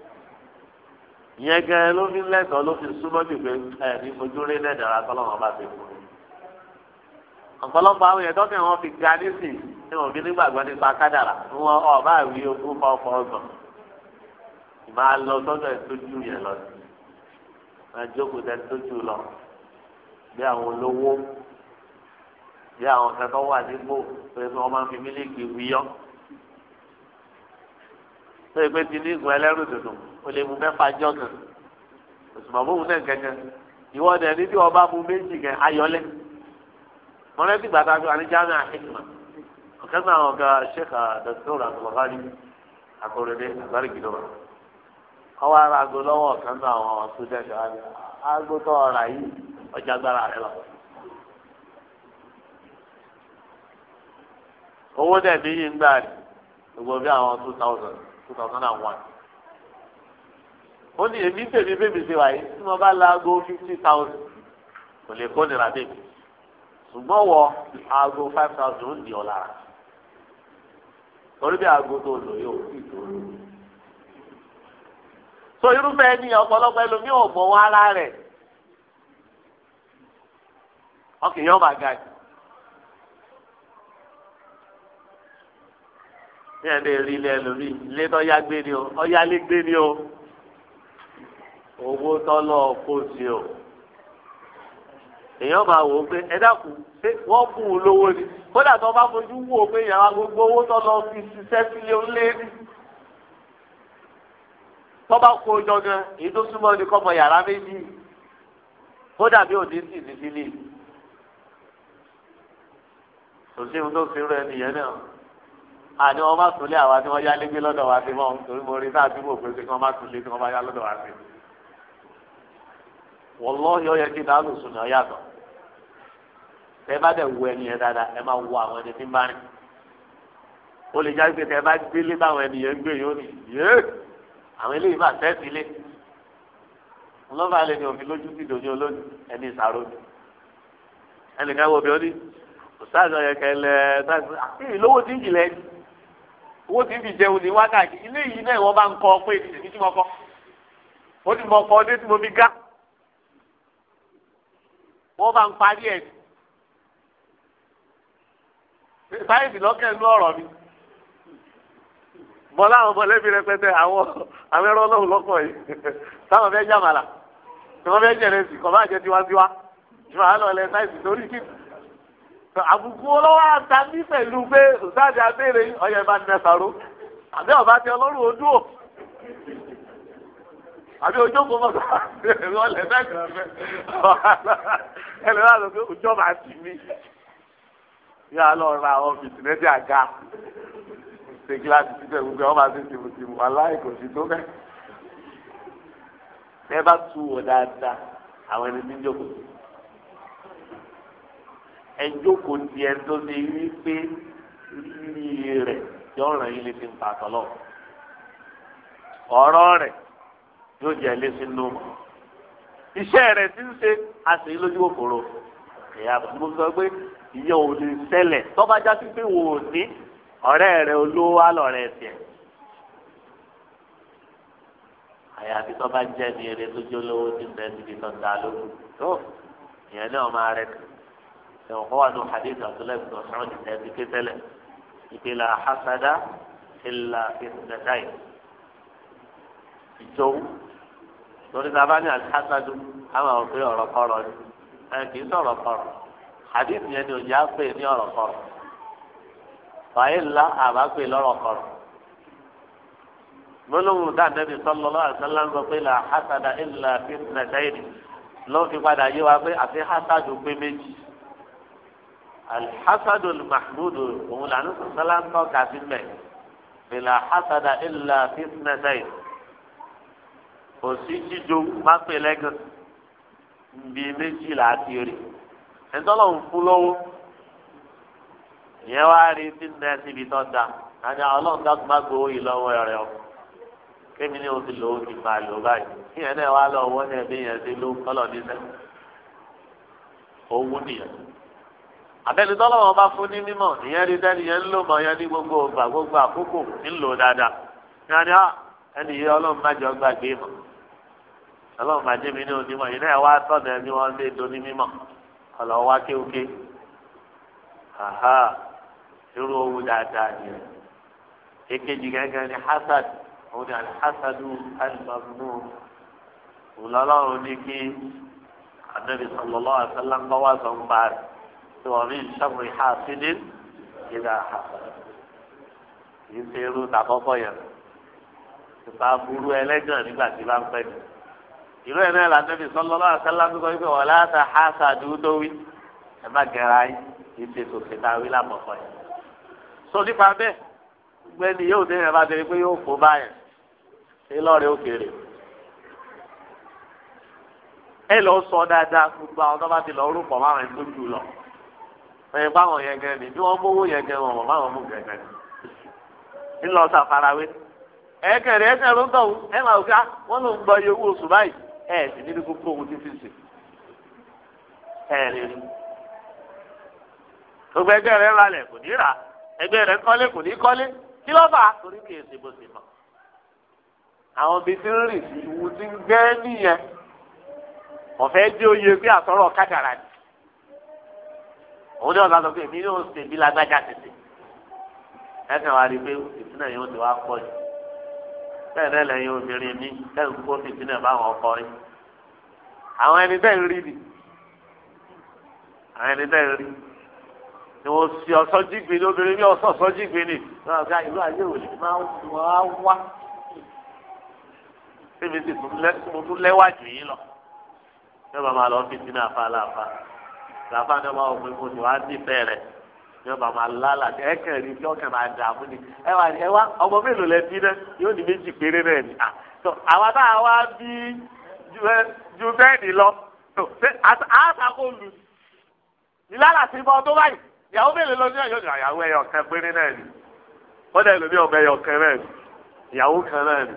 ìyẹn gan ló fi lẹ́tọ̀ọ́ ló fi súnmọ́ bí pé ẹ̀ ní fojú rí lẹ́dàá tọ́lọ́mọ bá ti fún un. ọ̀pọ̀lọpọ̀ àwọn èèyàn tọ́kẹ́ wọn fi ga nísìn tí wọn fi nígbàgbọ́ nípa kádàrà wọn ọ̀bá àwí ogún fọ́ ọkọ̀ ọgbọ̀n. ìmáa lọ sọ́dọ̀ ẹ̀ tójú yẹn lọ sí máa jókòó tẹ tójú lọ bí àwọn olówó bí àwọn kẹ́kọ̀ọ́ wà nígbò pé wọ́n máa fi mílíkì wíyọ́. pé Uh, o lè mu mẹ́fà jọ́ kan òṣùmọ̀ fún òun náà kankan ìwọ ọ̀dẹ̀ ní bá mu méjì ọ̀gá àkọrẹ́dẹ́ ọwọ́ ara àgọ́ lọ́wọ́ àwọn àgọ́ tó ọ̀rà yìí ọjà rẹ lọ. owó dẹ̀ bí gbà gbogbo bí àwọn two thousand two thousand and one. ó ní èmi tèmi bèbè ṣe wáyé tí mo bá laago fifty thousand kò lè kó nira bèbè ṣùgbọ́n wọ aago five thousand ó di ọ̀la torí bí aago tó lò yóò sì tó lò. so irúfẹ́ ẹni ọ̀pọ̀lọpọ̀ ẹlòmíì ò mọ̀ wọn ara rẹ̀ ọkàn yóò máa ga jù. ní ẹ̀ lè rí ilé ẹlòmíì ilé tó yá gbé ni o ọ̀yá lé gbé ni o owó tọ́lọ̀ kó sí o èèyàn máa wò ó pé ẹ dákun ṣé wọ́n bù ú lówó ni kódà tó bá fojú wò ó pé ìyàrá gbogbo owó tọ́lọ̀ fi ṣiṣẹ́ sílé ńlé ní tó bá kó jọ èyí tó súnmọ́ ni kọ́mọ yàrá méjì kódà bí òní sì ní sílé kò sí ohun tó fi rẹ nìyẹn náà àní wọn bá tún lé àwa tí wọn yá lé gbé lọ́dọ̀ wa sí mọ́ torí mo rí sáà tí mo pèsè kí wọn bá tún lé tí wọn bá yá lọ́dọ̀ wa sí mi wọlọ́ọ̀yì ọ̀yẹ́ kí ní alùsùn náà yàtọ̀ tẹ bá dẹ̀ wọ ẹni yẹn dáadáa ẹ máa wọ àwọn ẹni tí ń bá rìn ó lè já pé tẹ bá gbélé báwọn ẹni yẹn gbé yóò ní yéé àwọn eléyìí bá tẹ́sí lé lọ́ba alẹ́ ni òfin lójú ti dòní olóyún ẹni ìsàrò ni ẹnìkan wo bí ó ní òsáàjọ yẹn kẹlẹ táàgbé àkíyè ah, lówó tí ń jìnlẹ̀ ẹni owó tí ń fi jẹun ní wákàtí ilé yìí náà wọ́n bá ń kọ́ pé wọ́n bá ń parí ẹ̀ sáyẹ̀nsì lọ́kẹ́ mi bọ́lá àwọn mọ̀lẹ́bí rẹpẹtẹ àwọn ọlọ́run lọ́kọ̀ yìí táwọn fẹ́ jàmàlà fẹ́ jẹ̀rẹ̀ sí bá jẹ́ tiwantiwa ìfọ̀ àlọ́ ẹ̀ sáyẹ̀nsì lórí kí àbí ojókòó mọ sọ wọn lẹ fẹ kàn fẹ ẹlẹ wà lọ pé ojú ọba ti mí yà á lọ ra àwọn bìtìlẹ́tì àga ṣe kíláàsì síbẹ̀ gbogbo ọba ti tìmù tìmù aláì kò sí tó bẹ́ẹ̀. ẹ bá tu wọ dáadáa àwọn ẹni tí ń jókòó ẹ jókòó tiẹ̀ tó ṣe wí pé rírì rẹ̀ yọ̀ràn yìí lè fi ń pa àtọ̀ lọ ọ̀rọ̀ rẹ̀ yóò jẹ ilé sínú iṣẹ́ rẹ̀ ti ń ṣe àṣeyí lójú òfòrò ìyá mo sọ pé ìyẹn ò ní ṣẹlẹ̀ tọ́ba já sí pé wò ó ní ọ̀rẹ́ rẹ̀ olówó á lọ̀rẹ́ tiẹ̀ àyàfi tọ́ba jẹ́ ní eré lójú olówó ti ń bẹ níbi tó ń da ìyẹn náà máa rẹ̀ ẹ̀wọ̀n kọ́ wà ní hadith àtúlẹ̀ ìgbọ̀n sọ̀rọ̀ ní ẹ̀ẹ́dì kétẹ́lẹ̀ ìpìlẹ̀ hasada ìlà ìdàdáì ìjọ́wọ́ lórí sábà ní alihasadu àwọn òfin ọ̀rọ̀ kọ̀rọ̀ ni ẹ kì í sọ̀rọ̀ kọ̀rọ̀ hadith yẹn ni òjì á pè ní ọ̀rọ̀ kọ̀rọ̀ fàáyé ńlá àbá pè lọ́rọ̀ kọ̀rọ̀ gbólóhùn dáadẹ́bí sallallahu alaihi wasallam ń sọ pé là hasada illa fi nàìjíríà ló fi padà yé wa pé àfi hasadu pé méjì alhasadu mahmudu òun là sọ́lá ń tọ́ka sí mẹ́ ìlà hasada illa fi nàìjíríà kò sí jíjó má pè lẹ́gàn bí méjìlá ti rí ẹ̀ńtọ́lọ̀ ń fún lọ́wọ́ ìyẹn wá rí tí ń bẹ́ẹ̀ síbi tó da àti àwọn ọlọ́run dákun má gbowó yìí lọ́wọ́ rẹ̀ o kémi ní o ti lò ó ti máa lò báyìí ìyẹn náà wá lọ wọ́n náà bí yẹn ti ló kọ́lọ̀ níṣẹ́ owó nìyẹn àbẹ́ni tọ́lọ́ wọn bá fún ní mímọ̀ ìyẹn rí dẹ́ni yẹn ń lò yẹn ní gbogbo ìgbà àkókò ń dáadáa ìyẹn ni ẹni yìí ọlọ́run má jọ gbàgbé mọ̀ ọlọ́run máa jẹ́ mi ní onímọ̀ yìí náà wá sọ̀dọ̀ ẹni wọ́n lé e do ní mímọ̀ ọ̀lọ́ wá kéwké aha irú owó dáadáa ni rẹ̀ èkejì gẹ́gẹ́ ni hasad òun ni alhassadu alimabunu òlọ́lọ́run ní kí anabi sallallahu alaihi wasallam kọ́ wá sọ ń bá rẹ̀ tí wọ́n rí sọ́kùnrin ha sídìí ìdá hasad kì í ṣe irú tàkọ́kọ́ yẹn ìfà burú ẹlẹ́gàn nígbà tí bá ń pẹ́ nìyẹn ìlú ẹ̀ náà lànàbì sallallahu alaihi wasallam gbígbọ́ wípé wọ́n láta hásà dúdówí ẹ bá gẹ̀rẹ́ ayé kì í ṣe sòkè tá a wí lápapọ̀ yẹn. sọ nípa bẹ́ẹ̀ gbẹ́ni yóò dé yẹn bá dé pé yóò fò báyẹn ṣé lọ́ọ̀rẹ́ òkèèrè. ẹ lọ sọ dáadáa gbogbo àwọn tó bá ti lọ rúpọ̀ máwọn ẹni tó jù lọ. ẹ̀yin báwọn yẹn gẹ́gẹ́ ni bí wọ́n mówó yẹn gẹ́gẹ́ wọn báwọn mú gẹ́gẹ́ ni. ńlọ sàfarawé ẹ̀ẹ́kẹ̀rẹ̀ ẹ̀ẹ́kẹ̀rẹ̀ ah, ló ń tọ̀ ẹ ẹ sì nílùú kókó ohun títí sè ẹ ẹ lè rí gbogbo ẹgbẹ́ rẹ ralẹ̀ kò ní rà ẹgbẹ́ rẹ kọ́lé kò ní kọ́lé kí ló fà torí kì í ṣe bó ṣe mọ̀ àwọn bíi tí ń rìn sí ìwú tí ń gbẹ́ nìyẹn wọ́n fẹ́ dé oyè pé àtọ́rọ̀ kádàrà ni òun ní ọ̀la sọ pé èmi yóò ṣèbí lágbájá tètè ẹ̀sìn wa rí i pé ìtúná yóò ti wá pọ̀ jù bẹ́ẹ̀ náà lẹ́yìn obìnrin mi lẹ́yìn kó fìdí náà báwọn ọkọ rí àwọn ẹni bẹ́ẹ̀ rí ni àwọn ẹni bẹ́ẹ̀ rí ni wọ́n sì ọ̀sọ́ jígbe ni obìnrin mi ọ̀sọ́ ọ̀sọ́ jígbe ni ọ̀gá ìlú ayé òní máa wá wá síbi tí mo tún lẹ́wà jù yín lọ yóò bá máa lọ fìdí náà fa láàfa làfa náà máa wọ pé mo ti wá dì bẹ́ẹ̀ rẹ̀ yóò bá máa lálà ẹ kàn rí bí ọkàn máa dààmú ni ẹ wà ẹ wá ọmọ mélòó lẹ bí náà yóò ní méjì péré náà ni tó àwa tá a wá bí ju bẹ́ẹ̀ ni lọ tó àtàkó lù ìlànà sí ibọ tó báyìí ìyàwó mélòó lọ ní ọyọ ní àyàwó ẹyọ kan péré náà ni wọn dẹ lómi ọmọ ẹyọ kan náà ni ìyàwó kan náà ni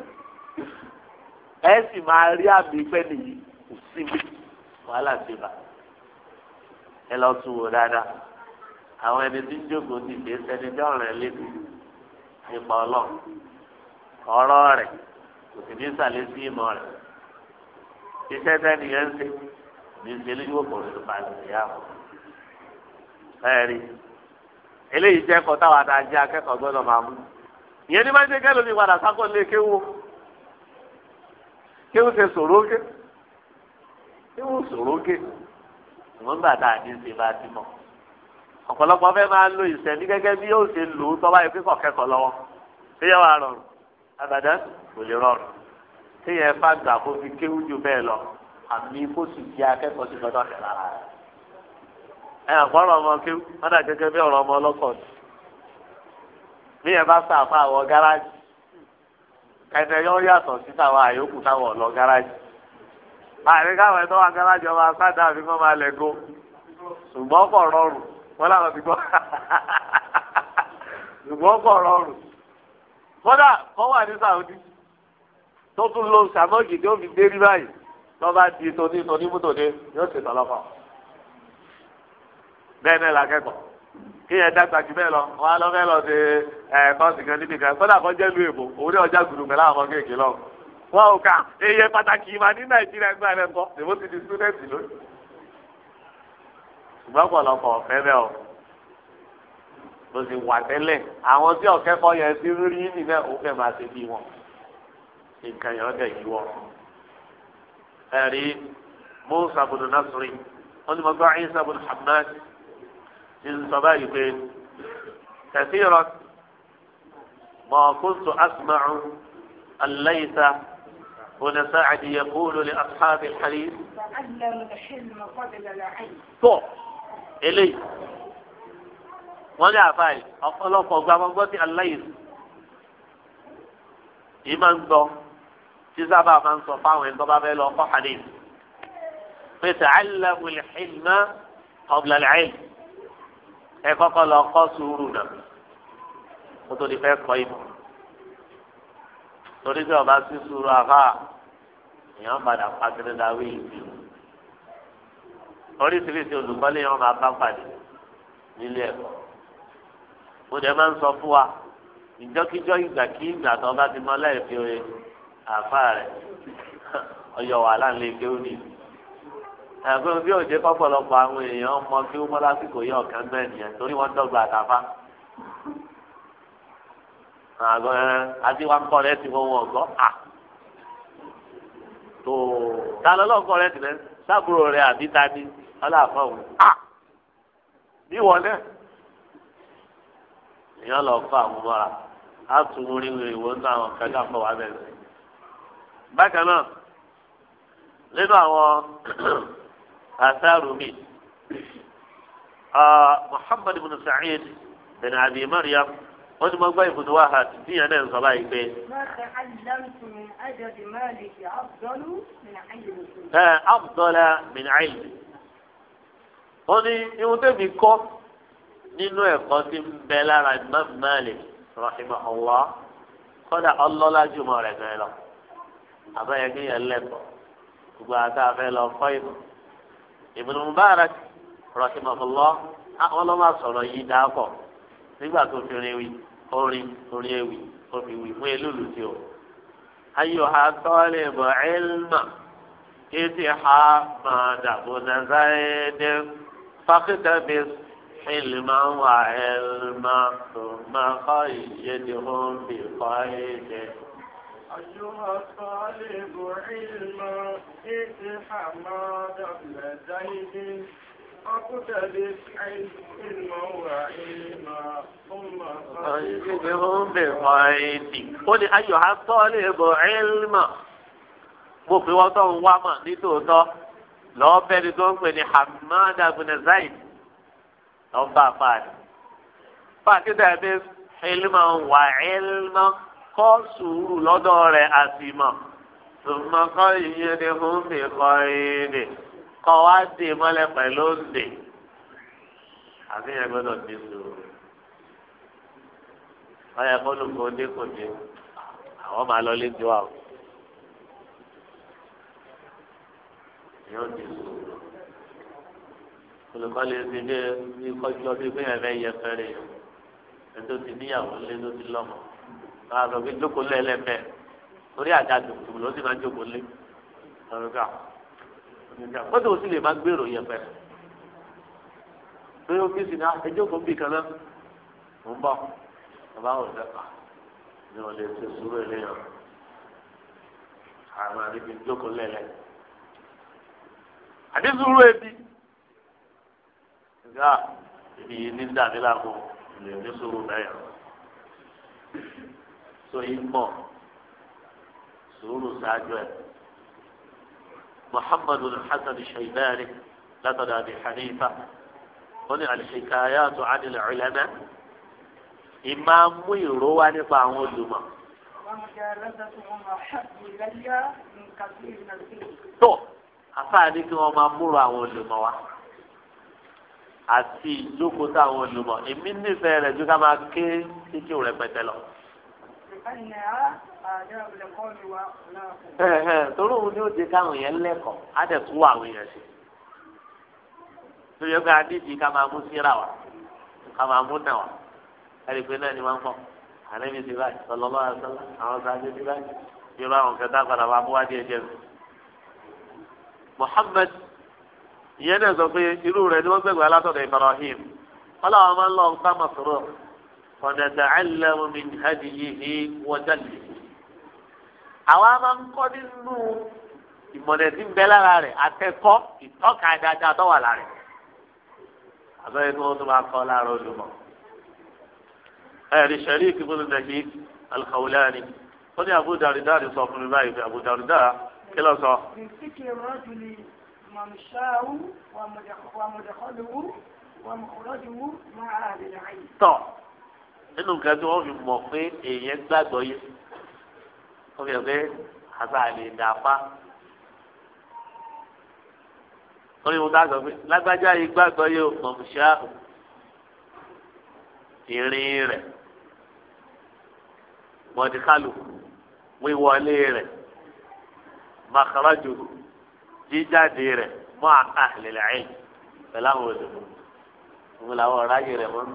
ẹ sì máa rí àmì pẹ́ nìyí kò síbi wàhálà sí ibà ẹ lọ tún wò dáadáa àwọn ẹni tí ń jókòó ti dé sẹni tí ọ̀rọ̀ ẹ lébi nípa ọlọ́run ọ̀rọ̀ rẹ̀ kò sì ní sàlẹ̀ sí ìmọ̀ rẹ̀ iṣẹ́ sẹ́ni yẹn ń ṣe ní ìṣẹ́lẹ̀ yóò pọ̀ nínú pàṣẹ yà wọ́n. ẹ̀rí eléyìí jẹ́ kọ́ táwọn adájẹ́ akẹ́kọ̀ọ́ gbọ́dọ̀ máa mú ìyẹn ní máa ń jẹ́ kẹ́lò ní padà sákò lé kéwò kéwò ṣe sòrókè kéwò sòrókè ìwọ̀n gbà tá a ní ṣe bá ti mọ̀ ọ̀pọ̀lọpọ̀ fẹ́ máa lo ìsẹ̀mí gẹ́gẹ́ bí yóò ṣe lò ó tọ́ba ìpínkọ̀ kẹ́kọ̀ọ́ lọ́wọ́ ṣéyẹ wàá rọrùn àgbàdá kò lè rọrùn ṣéyẹ fàgbà kó fi kéwú ju bẹ́ẹ̀ lọ àmì kó sì di akẹ́kọ̀ọ́ sí gbọ́dọ̀ kẹ́ lára rẹ̀. ẹ ọ̀pọ̀ ọ̀rọ̀ ọmọ kéwú wọ́n gẹ́gẹ́ bí ọ̀rọ̀ ọmọ ọlọ́kọ̀ ni bí bá sàfà wọ gáràjì ẹ̀tẹ̀ yọ wọn làwọn ti gbọ́ ṣùgbọ́n kọ̀ rọrùn kódà kọ́ wà ní Saudi tó tún lo sàmọ́ọ̀gì tí fi dé rí báyìí tó di tóní tóní mú tóní yóò ṣètò ọlọ́pàá bẹ́ẹ̀ náà làkẹ́kọ̀ọ́ kí yẹn dàgbà jù bẹ́ẹ̀ lọ wọn á lọ fẹ́ lọ sí ẹ̀ kọ́ọ̀sì kan níbi kan kódà kọ́ jẹ́ lu èbò òun ní ọjà gùdù pẹ̀lú àwọn kéèké lọ wọn ò kà èyẹ pàtàkì ìmọ̀ ní Nàìjíríà gbà ṣùgbọ́n ọ̀pọ̀lọpọ̀ ọ̀fẹ́ bẹ́ẹ̀ o ló ti wà tẹ́lẹ̀ àwọn tí ọ̀kẹ́ kọ́ yẹn ti rí ní bẹ́ẹ̀ ó fẹ́ máa ṣe bí wọn nǹkan yẹn ọ̀dẹ̀ yìí wọ. ẹ̀rí Musa bùnú Nasiri wọ́n ti mọ gbọ́ Isa bùnú Hamad ti ń sọ báyìí pé tẹ̀sí rọ mọ̀ kóso asma'u alaysa. هنا سعد يقول لأصحاب الحديث تعلم الحلم قبل eléyìí wọ́n ní àfáàyè ọ̀pọ̀lọpọ̀ gbàgbọ́ ti aláìsí yìí máa ń gbọ́ tí sábà máa ń sọ fáwọn ẹni tó bá fẹ́ lọ kọ́ hadith pé sàálà wìlẹ̀ xìlmá ọ̀gbìnlẹ̀ lẹ́yìn ẹ kọ́kọ́ lọ kọ́ sùúrù náà kó tó di fẹ́ kọ́ ìmọ̀ torí bí ọba sí sùúrù àfáà èèyàn padà pàtẹ́lẹ́dáwé ìbí oríṣiríṣi olùkọ́lé yẹn wọ́n máa bá pàdé nílé ẹ̀kọ́ mo dẹ̀ máa ń sọ fún wa ìjọ́kíjọ́ ìgbàkígbà tó bá ti mọ láìpẹ́ oye àfa rẹ̀ ọyọ wà láńlé kéwù ni ẹ̀gbọ́n bí òjé pọ̀pọ̀lọpọ̀ àwọn èèyàn mọ kí ó mọ́ lásìkò yẹ ọ̀kan bẹ́ẹ̀ nìyẹn torí wọ́n dọ́gba àtàfà àgọ́ ẹ àti wọn kọ́ rẹ̀ ti wọ́n wọ̀ gbọ́ à tó ta lọ́lọ́ kọ́ ti rẹ̀ sábúrò rẹ̀ àbí ta ọlọ́àfọ̀ òun à bí wọ́n náà èèyàn lọ kọ́ àwọn mọ́ra á tún wúrí wúrí wọ́n náà àwọn kẹjọ àfọwọ́ abẹ́rẹ́ bákan náà nínú àwọn *clears throat* àṣàrù mi Muhammad ibn Sa'id bin Abi Maryam wọ́n ti mọ gbọ́ ibùdó wa ha ti díyàn náà sọ báyìí pé. ẹ abdọ́lá min ilmi ó ní ihun tẹ́mi kọ́ nínú ẹ̀kọ́ tí ń bẹ lára Imam Malik rahimahullah kọ́dà ọlọ́lájúmọ̀ rẹ̀ gan lọ àbẹ́yẹ kí yẹn lẹ́kọ̀ọ́ gbogbo àti afẹ́ lọ fọ́ ìmọ̀ Ibn Mubarak rahimahullah àwọn ọlọ́mọ sọ̀rọ̀ yìí dáàkọ̀ nígbà tó fi rin ewì orin orin ewì omi wì fún elúlu tí o. ayò ha tọ́lẹ̀ bọ̀ ẹ́lmà kí ti ha máa dàbò nàzáyé dẹ́kun. فاقتبس حلما وعلما ثم قيدهم بقيده أيها الطالب علما ازحم قبل زيد فاقتبس حلما وعلما ثم قيدهم بقيده قل أيها الطالب علما mo fi wọ́n tó ń wá mọ̀ nítòótọ́ lọ́ọ́ bẹ́ni tó ń pè ní hamada bin zayd lọ́ọ́ bá fàáni. fàáni dàbí ilmọ̀ wà ilmọ̀ kọ́ sùúrù lọ́dọ̀ rẹ̀ àti mọ̀ ṣùgbọ́n kọ́ iye ni fún mi kọ́ iye kọ́ wá dé mọ́lẹ̀ pẹ̀lú ǹdè. àbí yẹn gbọ́dọ̀ ti sùúrù. ọ̀yẹ́ kó ló kò dé àwọn máa lọ lé jù àwọn. yóò di sùn olùkọ́ lè fi dé bí kọjú ọbí pé ẹ̀fẹ́ yẹ fẹ́rẹ̀ ẹ̀tọ́ ti níyàwó lé ló ti lọ́mọ máa lọ bí jókòó lẹ́lẹ́fẹ́ torí àga dùnkùn ló sì máa jókòó lé ọ̀rọ̀gà ó sì sì lè má gbèrò yẹ fẹ́rẹ̀ pé ọ́fíìsì náà ẹjọ́kòó bì kan náà ń bọ̀ bàbá ò dẹ́pà ni wọ́n lè ṣe sùúrù eléyàn àwọn àdébí jókòó lẹ́lẹ́fẹ́ àbí sùúrù ebi nga ibi yìí ní dàbí làkó lè ní sùúrù bẹ́ẹ̀ so yìí mọ̀ sùúrù ṣáájú ẹ̀ muhammadu hasan shaybani látọ̀dọ̀ àbí hanifa wọ́n ní alìṣèkáyàtò ánilẹ̀ ọ̀lẹ́mẹ́ ìmá mú ìró wá nípa àwọn olùmọ̀. tó afáà ní kí wọ́n máa múra àwọn olùmọ̀ wa àti ìjókòó àwọn olùmọ̀ èmi nífẹ̀ẹ́ rẹ̀ ju ká máa ké kíkí rẹpẹtẹ lọ. torí òun ni ó jẹ káwọn yẹn lẹ́kọ̀ọ́ á dẹ̀ tú àwọn yẹn sí torí ọgbà adídì ká máa mú síra wa ká máa mú nà wa ẹnìpé náà ni wọn kọ àlẹ́ mi ti báyìí sọlọ́lọ́ àṣọ àwọn sáájú ti báyìí yorùbá àwọn kẹta padà wà mú wá díẹ̀ díẹ̀ mi. Muhammad ìyẹn náà sọ pé irú rẹ̀ ni wọ́n gbẹ̀gbẹ̀ alátọ̀dọ̀ Ibrahim ọlọ́run máa ń lọ ọ̀pá mọ̀sọ̀rọ̀ ọ̀nàdà àìlẹ́mu mi nìhadì yìí wọ́jà lè. àwa máa ń kọ́ nínú ìmọ̀lẹ̀ tí ń bẹ lára rẹ̀ akẹ́kọ̀ọ́ ìtọ́ka dáadáa tó wà lára rẹ̀. àbẹ́rẹ́ tí wọ́n tún máa kọ́ lára olùmọ̀. ẹ̀rí sẹ́ríkì fún mi nàìjíríà alkawulani wọ́n ní Abu Darda sọ fún mi báyìí Abu Darda kí ló sọ. ìsìkì rọ́jùlì mọ̀mùsáwù wàmùdàkọ́lùwù wàmùkọ́lọ́dùwù máa àdìrà yìí. tọ́ nínú nǹkan tí wọ́n fi mọ̀ pé èèyàn gbàgbọ́ yé wọ́n fi hàn pé àṣà lè dà pa orí mo dáàgbọ́ pé lágbájá yìí gbàgbọ́ yóò mọ̀mùsá ìrìn rẹ̀ mọ̀díkálù wíwọlé rẹ̀ makaraju jíjáde rẹ̀ mọ́ àkàlẹ̀ ẹ̀yìn pẹ̀lú àwọn òdòdó òun làwọn ọ̀rọ̀ ayé rẹ̀ mọ́nú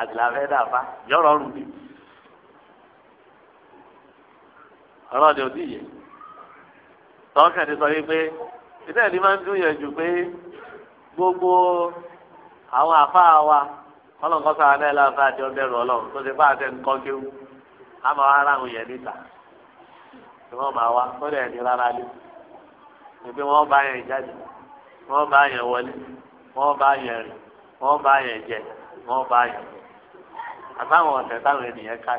àtìláfẹ́ dàfa yọ̀rọ̀ ọ̀rùn bí. ọ̀rọ̀ ni òdì yẹ tọ́kàn ti sọ yìí pé ìdá ìdí máa ń dún yẹn jù pé gbogbo àwọn àfáà wa ọlọ́nkọ́sọ àwọn ẹlẹ́lá àfáà ti ọbẹ̀ rọ̀ ọlọ́run tó ti bá àtẹ̀ ńkọ́ kéwú àmọ́ ara àwọn yẹn níta tí wọ́n máa wá tó dẹ̀ ní rárá lé níbi wọ́n bá yẹn jáde wọ́n bá yẹn wọlé wọ́n bá yẹn rìn wọ́n bá yẹn jẹ wọ́n bá yẹn àtàwọn ọ̀sẹ̀ táwọn ènìyàn ká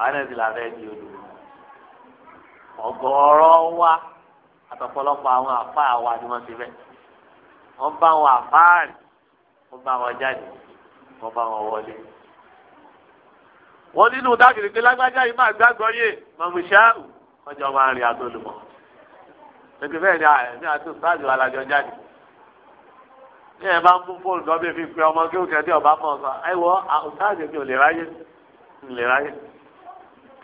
àwọn ẹ̀sìn làbẹ́ di odò ọ̀gọ̀ọ̀rọ̀ wa àtọ̀pọ̀lọpọ̀ àwọn àfa wa ni wọ́n ti bẹ̀ wọ́n bá wọn àfáàrí wọ́n bá wọn jáde wọ́n bá wọn wọlé wọn nínú dábìrì pé lágbájá yìí máa gbàgbọ́ yé mọ̀mùsáàrù ọjọ́ máa rìn àtolùmọ̀ ẹgbẹ́ bẹ́ẹ̀ ni àmì àti sáàjù alájọ jáde ní ẹ̀ máa ń mú fóònù lọ́bẹ̀ fi pe ọmọ kí ó kẹ́ ọba mọ̀ ọ̀sán ẹ wọ sáàjù mi ò lè ráyè ń lè ráyè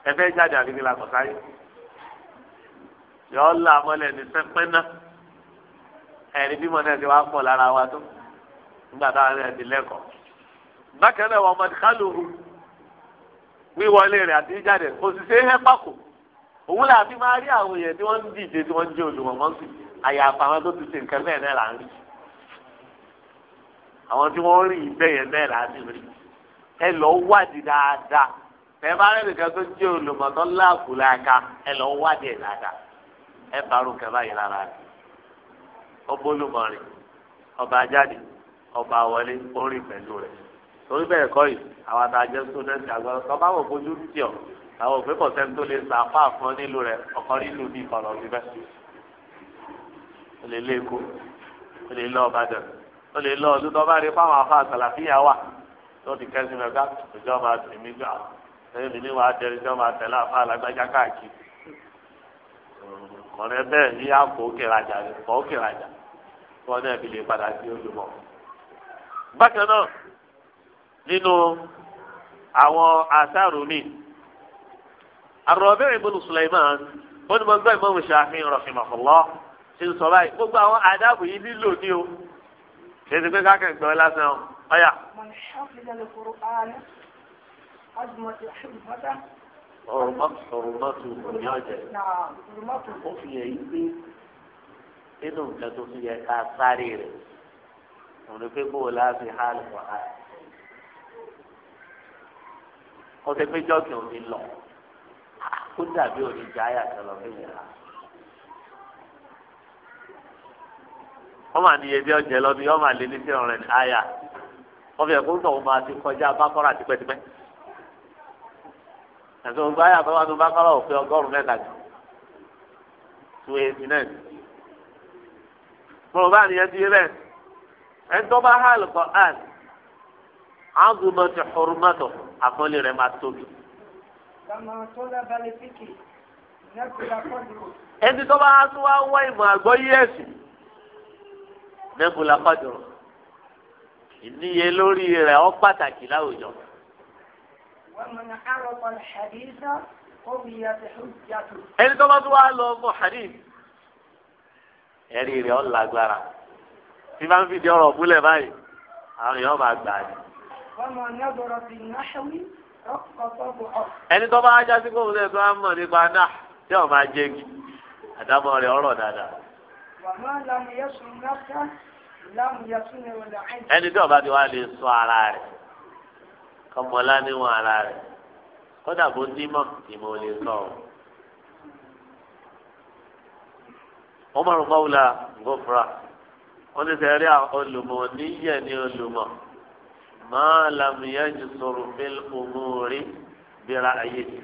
ẹ fẹ́ jáde àbíkí la kọ̀ sáyé yọ ọ́ là mọ́lẹ̀ ní sẹ́pẹ́ náà ẹ̀rí bímọ náà ti wá pọ̀ lára wa tó nígbà táwọn ẹ̀ wíwọlé rẹ̀ àti jíjáde òṣìṣẹ́ ẹ pàkó òun là fi máa rí àwọn èèyàn tí wọ́n ń díje tí wọ́n ń jẹ́ olùmọ̀mọ́ sí àyàfà àwọn tó ti ṣe nǹkan bẹ́ẹ̀ náà là ń rí àwọn tí wọ́n rí ìbẹ́ yẹn bẹ́ẹ̀ là ń rí ẹ lọ wádìí dáadáa ẹ bá rẹ̀ nìkan tó jẹ́ olùmọ̀tọ́ láàbù láàka ẹ lọ wádìí ẹ̀ dáadáa ẹ parun kẹfà yìí lára rẹ̀ ọbọ̀ olùmọ̀rin ọba ajáde ọba wọlé orin pẹ̀lú rẹ̀ torí bẹ́ẹ̀ kọ́ yìí àwọn àtàjẹ́ sódẹ́sì àgbà tọ́ba wò fojú tì ọ́ àwọn òfin pọ̀sẹ̀ tó lè sa apá fún ọ nílùú rẹ̀ ọkọ nílùú ní ìkọlọ̀ síbẹ̀. o lè lé Èkó o lè lọ Ìbàdàn o lè lọ ọdún tó bá rí fáwọn afá àtàlàfíà wà tó ti kẹ́sì mẹ́fà ah, ìjọ máa tì mí gbà lẹ́yìn mi ní wàá tẹ̀lé ọ̀rẹ́ bẹ́ẹ̀ ní àpò òkèràjà rẹ̀ pọ̀ òkèràjà náà fi lè padà sí ojúmọ́. bákan náà nínú àwọn àṣàrò mi. Ar-Rabi' ibn Sulaiman ó ní mo gbọ́ Imam Shafi rahimahullah ṣe ń sọ báyìí gbogbo àwọn àdáàbò yìí nílò ní o ṣe ti pé káàkiri gbọ́ lásán o ọ̀yà. Ọ̀rùmọ́tò ìyànjẹ. fi hàn yí pé nínú nǹkan tó fi yẹ ká sáré rẹ̀ òun pé bó o láti há lọ́wọ́ àyè. ó ti pé jọ́ọ̀kì òní lọ kó dàbí òní jáyà sọlọ fún yàrá. wọ́n máa níye bí ọ̀jẹ̀ lọ́dún yọ́n máa lé ní sí ọ̀rẹ́ àyà wọ́n fi ẹ̀kọ́ sọ̀rọ̀ máa ti kọjá bákọ́rà tipẹ́tipẹ́. ẹ̀sùn ògbà àyà tó wà ní bákọ́rà òfin ọgọ́rùn-ún mẹ́ta jù mo bá níyẹn bẹ́ẹ̀ ẹ̀ ń tọ́ bá hàlùkọ́ àn àkọọ́lẹ̀ rẹ̀ máa tóbi. ẹni tó bá tún wá wá ìmọ̀ àgbọ̀ yíẹ̀sì nẹ́bùlà kọ́dùrún ìníye lórí rẹ̀ ọ́ pàtàkì láwùjọ. ẹni tó bá tún wá lọ mọ̀ hadith ẹ̀rí rẹ̀ ọ́ lágbára tí ọ̀rọ̀ múlẹ̀ báyìí àwọn èèyàn máa gbà á ni ẹni tó bá ajá sí kóhùn lẹ́ẹ̀tọ́ á mọ̀ nípa náà tí ọ̀ máa jẹ́ kí àdámọ̀ rẹ̀ ọ̀rọ̀ dáadáa. ẹni tí ọba ti wá lè sọ ara rẹ̀ kọ́mọlá níwọ̀n ara rẹ̀ kódà bó dímọ̀ ìmọ̀ ò lè sọ ọ́. wọ́n mọ̀rún kọ́wùlà gòfúra wọ́n ti sẹ́rí olùmọ̀ níyẹ̀ ní olùmọ̀ máa làmìyànjú sọ̀rọ̀ bẹ́ẹ̀ òmùrí bíra ayé ti.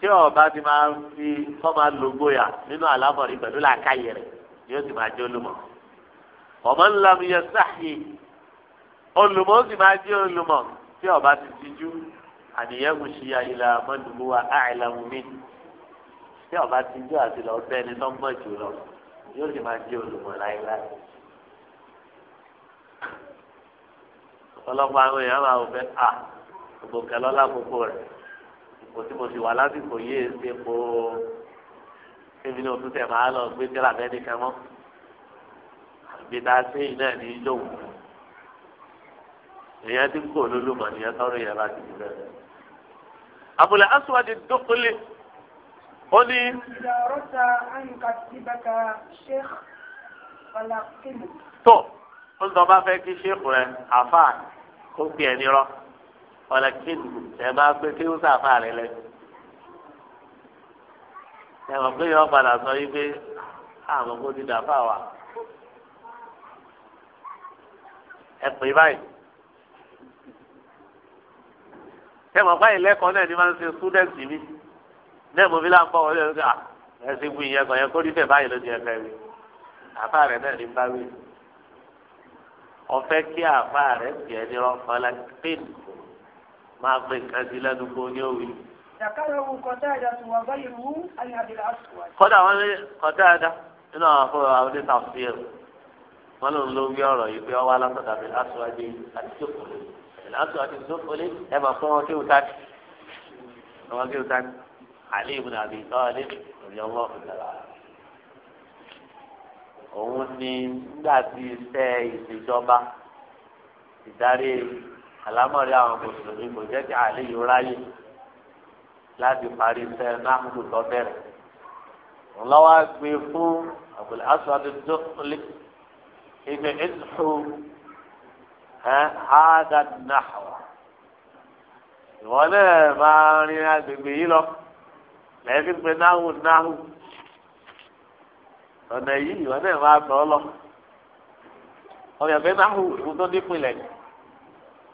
tí ọba ti máa fi kọ́ máa lo gbóyà nínú àlámọ̀rí pẹ̀lú làákàyè rẹ̀ yóò ti máa jẹ́ olùmọ̀. ọmọ làmìyànjú sáàyè olùmọ̀ ó sì máa jẹ́ olùmọ̀ tí ọba ti tijú àníyànjú sí ayélujára mọ́dùnmúwa àìlàmù mi. tí ọba ti tijú àti lọ bẹ́ẹ̀ ni tó ń bọ̀ jù lọ yóò sì máa jẹ́ olùmọ̀ láéláé ọlọ́pàá àwọn èèyàn máa wò fẹ́ à gbogbo kẹlọ́ lákòókò rẹ̀ kò tí mo ti wà lásìkò yìí ṣe po ebi ní oṣù tẹ máa lọ gbé tíra mẹ́ni kan mọ́ àbí tá a ṣe yìí náà ní ìjọ òun èèyàn ti ń kó olólùmọ̀ nìyẹn tọ́rọ yẹn láti ti bẹ̀rẹ̀. Abul Aswad ad-Dukhli ó ní. ìdàrọ́ta àǹkà síbẹ̀ka sheikh falakinu. tó ń sọ bá fẹ́ kí sheikh rẹ̀ àfáà kó fi ẹ̀ nírọ́ ọ̀là kéèdù ẹ̀ máa gbé kí ó sàfà rẹ̀ lẹ. ẹ̀ mọ̀ pé yọ padà sọ yí pé àmọ́ kó ti dà fà wá. ẹ pè báyìí. ẹ mọ̀ báyìí lẹ́kọ̀ọ́ náà ni máa ń ṣe súdẹ̀ǹtì mi náà mo fi láǹ bọ̀ wọlé ẹ̀ ṣe gbìyànjú ẹ̀kọ́ yẹn kó rí bẹ́ẹ̀ báyìí ló ti ẹ̀fẹ́ mi àfà rẹ̀ náà ní báwí. ọfẹ kí àfa rẹ tiẹ ní ọfọlá pín máa fi nǹkan sí ní òwì. kódà wọn ní kọtáàdá nínú àwọn afọwọ́ àwọn oníta fíìr wọn lòun ló ń gbé ọ̀rọ̀ yìí pé ọwọ́ alásọ̀dà bíi aṣọ́wájú àti sókòlè aṣọ́wájú sókòlè ẹ máa fọ́ wọn kí wọ́n tání wọn kí ìbùnà àbí òun ni nígbà tí iṣẹ́ ìṣèjọba ìdarí àlámọ̀rí àwọn mùsùlùmí kò jẹ́ kí àléyò ráyè láti parí iṣẹ́ náhùn tó bẹ̀rẹ̀. òun lọ́wọ́ gbé fún Abul Aswad ad-Dukhli ibi ìtùkù hàdà ìwọ náà máa rin agbègbè yìí lọ lẹ́yìn pé náhùn náhùn. ọ̀nà yìí ìwọ náà máa tọ́ lọ ọ̀yàn pé náà hù tó dípìnlẹ̀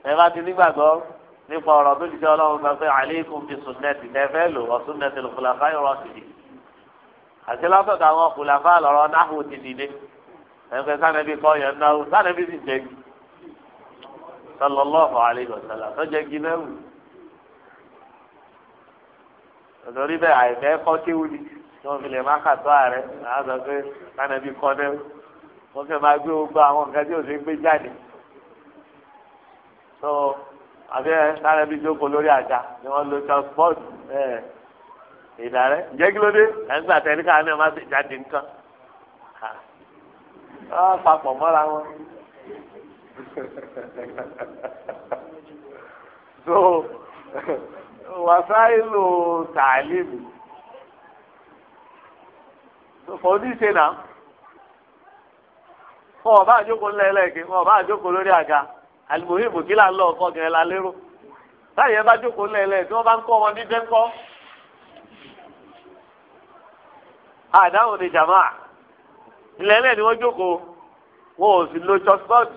ẹ bá ti nígbàgbọ́ nípa ọ̀rọ̀ tó jíjẹ́ ọlọ́run sọ pé aleikum bi sunnati lẹ́fẹ́ lò wọ́n sunnati lùkùlàfà ìrọ̀ sì di àti látọ̀dọ̀ àwọn kùlàfà lọ́rọ̀ náà hù ti dìde ẹ̀fẹ̀ sànẹ́bí kọ́ yẹn náà sànẹ́bí sì jẹ́ gi sallallahu alayhi wa tí wọ́n fi lè má kàtọ́ ààrẹ àádọ́ pé kánẹ́bí kọ́dẹ́ wọ́n fẹ́ máa gbé gbogbo àwọn nǹkan tí òṣèlú gbé jáde tó àbí kánẹ́bí jókòó lórí àga ni wọ́n lo transport ìdàrẹ́ ǹjẹ́ kí ló dé ẹ̀ńgbà tẹ̀lé káà náà má ti jáde nǹkan wọ́n papọ̀ mọ́ra wọn *laughs* so wàsáìlù tàlímù. fọ́ ní ṣe náà wọn ọba àjókòó ńlẹ lẹ́ẹ̀kẹ́ wọn ọba àjókòó lórí àga àlùmọ́hìn bòkílà ńlọ ọkọ gẹ̀rẹ́ la lérò táyì ẹ bá jókòó ńlẹ lẹ́ẹ̀ tí wọ́n bá ń kọ́ wọn dídẹ́ ńkọ́. àdáhùn ni jàmá ńlẹ̀ lẹ́ẹ̀ ni wọ́n jókòó wọn ò sì lo chọ́sọ́ọ̀tì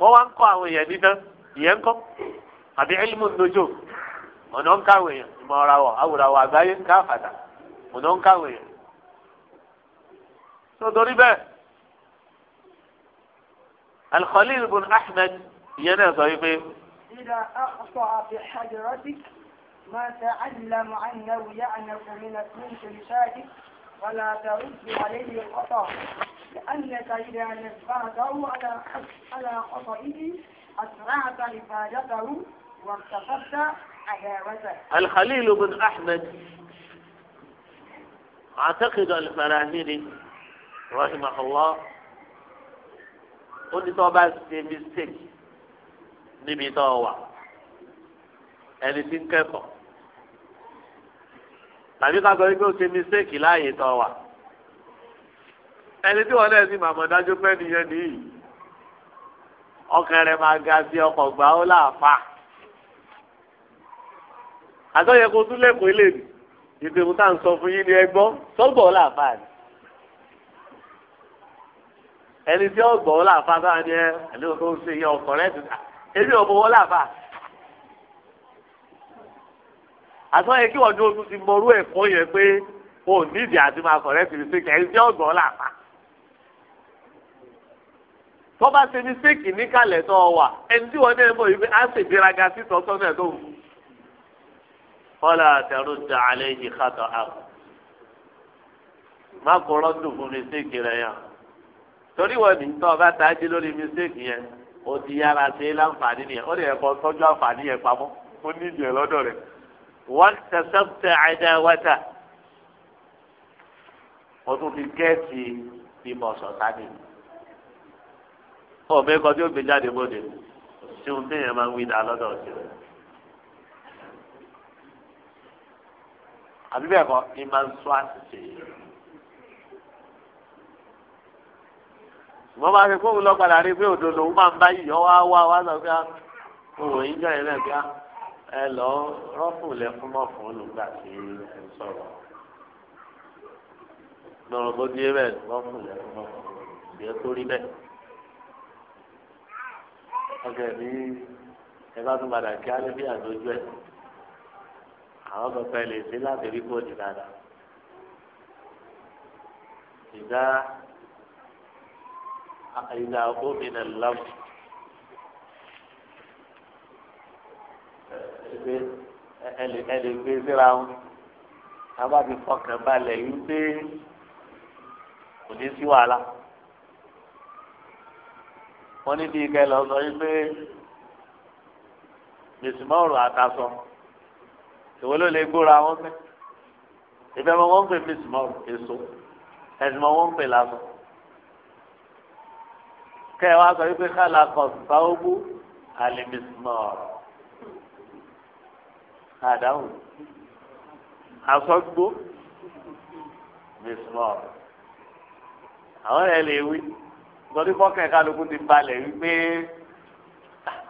wọ́n wá ń kọ́ àwọn èèyàn dídán ìyẹn ńkọ́ àbí ọ̀nà ń ìmọ̀ àgbáyé ń ká مدون كاوية سو دوري الخليل بن أحمد ينا ضيبه إذا أقصى في حجرتك ما تعلم عنه يعنف من أسنك لشاهدك ولا ترد عليه الخطا لأنك إذا نفعته على على خطئه أسرعت عبادته واكتسبت عداوته. الخليل بن أحمد أعتقد الفراهيري رحمه الله ó ní في bá ṣe mistake níbi tó wà ẹni tí ń kẹ́kọ̀ọ́ tàbí ká sọ wípé ó ṣe mistake láàyè tó wà ẹni tí wọn náà sì màmọ́ dájú pé nìyẹn nìyí ọkàn rẹ máa ga sí ọkọ̀ gbà ó láàfà àtọ́yẹ kó tún lẹ́kọ̀ọ́ lè nì ìpinnu tá à ń sọ fún yín ni ẹ gbọ́ sọ́gbọ̀ làáfà ni ẹni tí ó gbọ́ làáfà bá ní ẹ ẹni tó ń ṣe iye ọkọ̀ rẹ ti ta ebi ò mọwọ́ làáfà àtọ́ yẹ kí wọ́n dún oṣù ti mọrú ẹ̀kọ́ yẹn pé o nídìí àti máa kọ̀ rẹ ti ṣe kẹ́ ẹni tí ó gbọ́ làáfà tọ́ba ṣe ní séèkì níkàlẹ̀ tó wà ẹni tí wọ́n ní ẹ mọ̀ yìí pé á ṣègbéraga sí tọ́tọ́ náà tó wù ú kọ́lá àtẹ̀rù dà alẹ́ yìí kàtọ́ àpò. má kó rọ́dùn fún mistake rẹ̀ yàn. torí wọ́n ní tọ́ ọba tají lórí mistake yẹn o ti yára ṣe é láǹfààní nìyẹn ó lè ẹ̀kọ́ tọ́jú àǹfààní yẹn pamọ́ ó ní ìdíyẹ lọ́dọ̀ rẹ̀. wọ́n tẹ̀sẹ̀tẹ̀ àìdá wáta. o tún fi gẹ́ẹ̀sì bímọ sọ̀tá ni. ọ̀bẹ kan tí ó gbé jáde bóde sí ohun tí èèyàn máa ń wí dá lọ́dọ̀ ọ̀sẹ̀ rẹ̀. àbí bẹ́ẹ̀ kọ́ ni máa ń sọ àṣìṣe yìí. wọ́n máa fi fóònù lọ́padà rí pé òdo lòun máa ń bá yìí ọwọ́ wá wá sọ pé òun yìí jẹ́ ẹ̀rẹ́ pé ah, ẹ lọ rọ́pù lẹ mọ́ fún olùgbà tí sọ̀rọ̀. lọ́rọ̀ dé bẹ́ẹ̀ rọ́pù àwọn kankan lè ṣe láti rí kó di dáadáa ìdá ìdá gómìnà lọ́wọ́ ẹ lè gbé síra wọn àbá ti fọkàn balẹ̀ yìí pé kò ní sí wàhálà wọn ní bí ike lọ yìí pé mèsìmọ́ọ̀rù àtàsọ ìwọ ló lè gbóra wọn fẹ ìfẹ́ mọ wọn pè mí sùmọ́ èso ẹ̀sìn mọ wọn pè lásán kẹ ẹ wá sọ wípé kálá kan sáwọ́gbó àlèmísùmọ́ àdáhùn asọ́gbó mísùmọ́ àwọn ẹ̀ lè wí lọ́dún fọ́kàn kálukú ti balẹ̀ wípé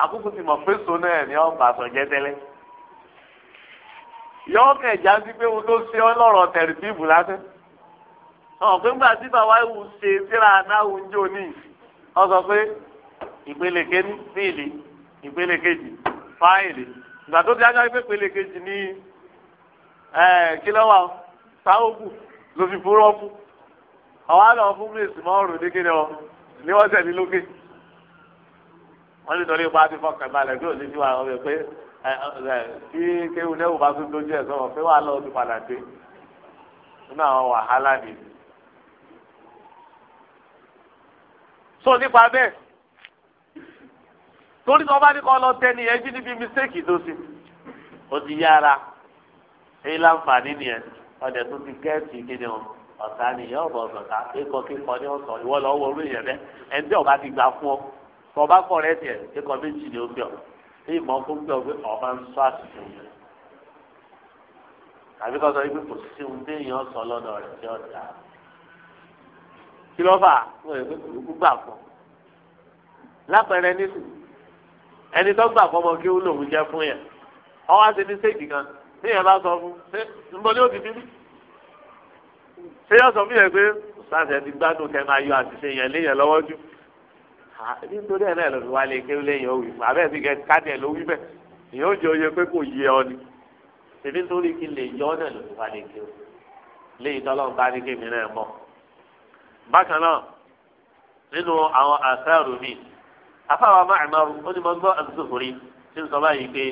àkókò ti mọ̀ pé náà ni ọ̀ bàtọ̀ jẹ́ yọ kẹjà sí pé wọn tó ṣe ọ lọrọ tẹrìbíìbù lásán ọ pé ńgbà tí bàbá ìwù ṣe síra náwó ń jò ní ọ sọ pé ìpele kéní fíìlì ìpele kejì fáìlì ìgbà tó ti ajá pé ìpele kejì ní kílọ́wà sáwọ́kù ló fi fúrọ́ fún àwọn àlọ́ fún ní wọ́n tẹ̀lé lókè wọ́n tọ́lé ipa ti fọkàn balẹ̀ bí wọ́n pé. tí kéwù lẹ́wù bá tún dojú ẹ̀ sọ̀rọ̀ pé wàá lọ́ọ́ tún padà dé nínú àwọn wàhálà ni. so nípa bẹ́ẹ̀ torí tí wọ́n bá ní kọ́ lọ tẹ́ni ẹ jí níbi mistake tó sí ó ti yára èyí láǹfààní nìyẹn ọ̀dẹ̀ tó ti gẹ́ẹ̀tì kíni o ọ̀tá nìyẹn ọ̀bọ̀ ọ̀tá kíkọ́ kíkọ́ ní ọ̀sán ìwọ lọ́wọ́ orí yẹn bẹ́ẹ̀ ẹ̀ ọ̀bá ti gbà fún ọ tí ìmọ̀ kó gbé ọ pé ọba ń sọ àtìkù rẹ̀ àbí kọ́ sọ wípé kò sí ohun téèyàn sọ lọ́dọ̀ rẹ̀ tí ó dà kí ló fà wọ́n yẹ pé kò gbà fún lápẹẹrẹ nísìn ẹni tó gbà fọmọ kí ó lòun jẹ fún yẹn ọwọ́ àti ní séèkì kan téèyàn bá sọ fún ṣé nbọ ni ó ṣé yóò sọ fún yẹn pé sáà ti gbádùn kẹ máa yọ àtìṣe yẹn léyìn lọ́wọ́ jù nítorí ẹ̀ náà ló fi wá lé kéwú lẹ́yìn òwì fún abẹ́ẹ̀ sì kẹ́ kádìẹ̀ ló wí bẹ́ẹ̀ ìyẹn ó jẹ oyè pé kò yé ọ ni tèmi nítorí kí lè yọ ọ náà ló fi wá lé kéwú léyìí tọ́lọ́run bá ní kémi náà mọ́ bákan náà nínú àwọn àṣàrò mi afáwa máa ń marun ó ní mo gbọ́ àdúgbòrí tí ń sọ báyìí pé.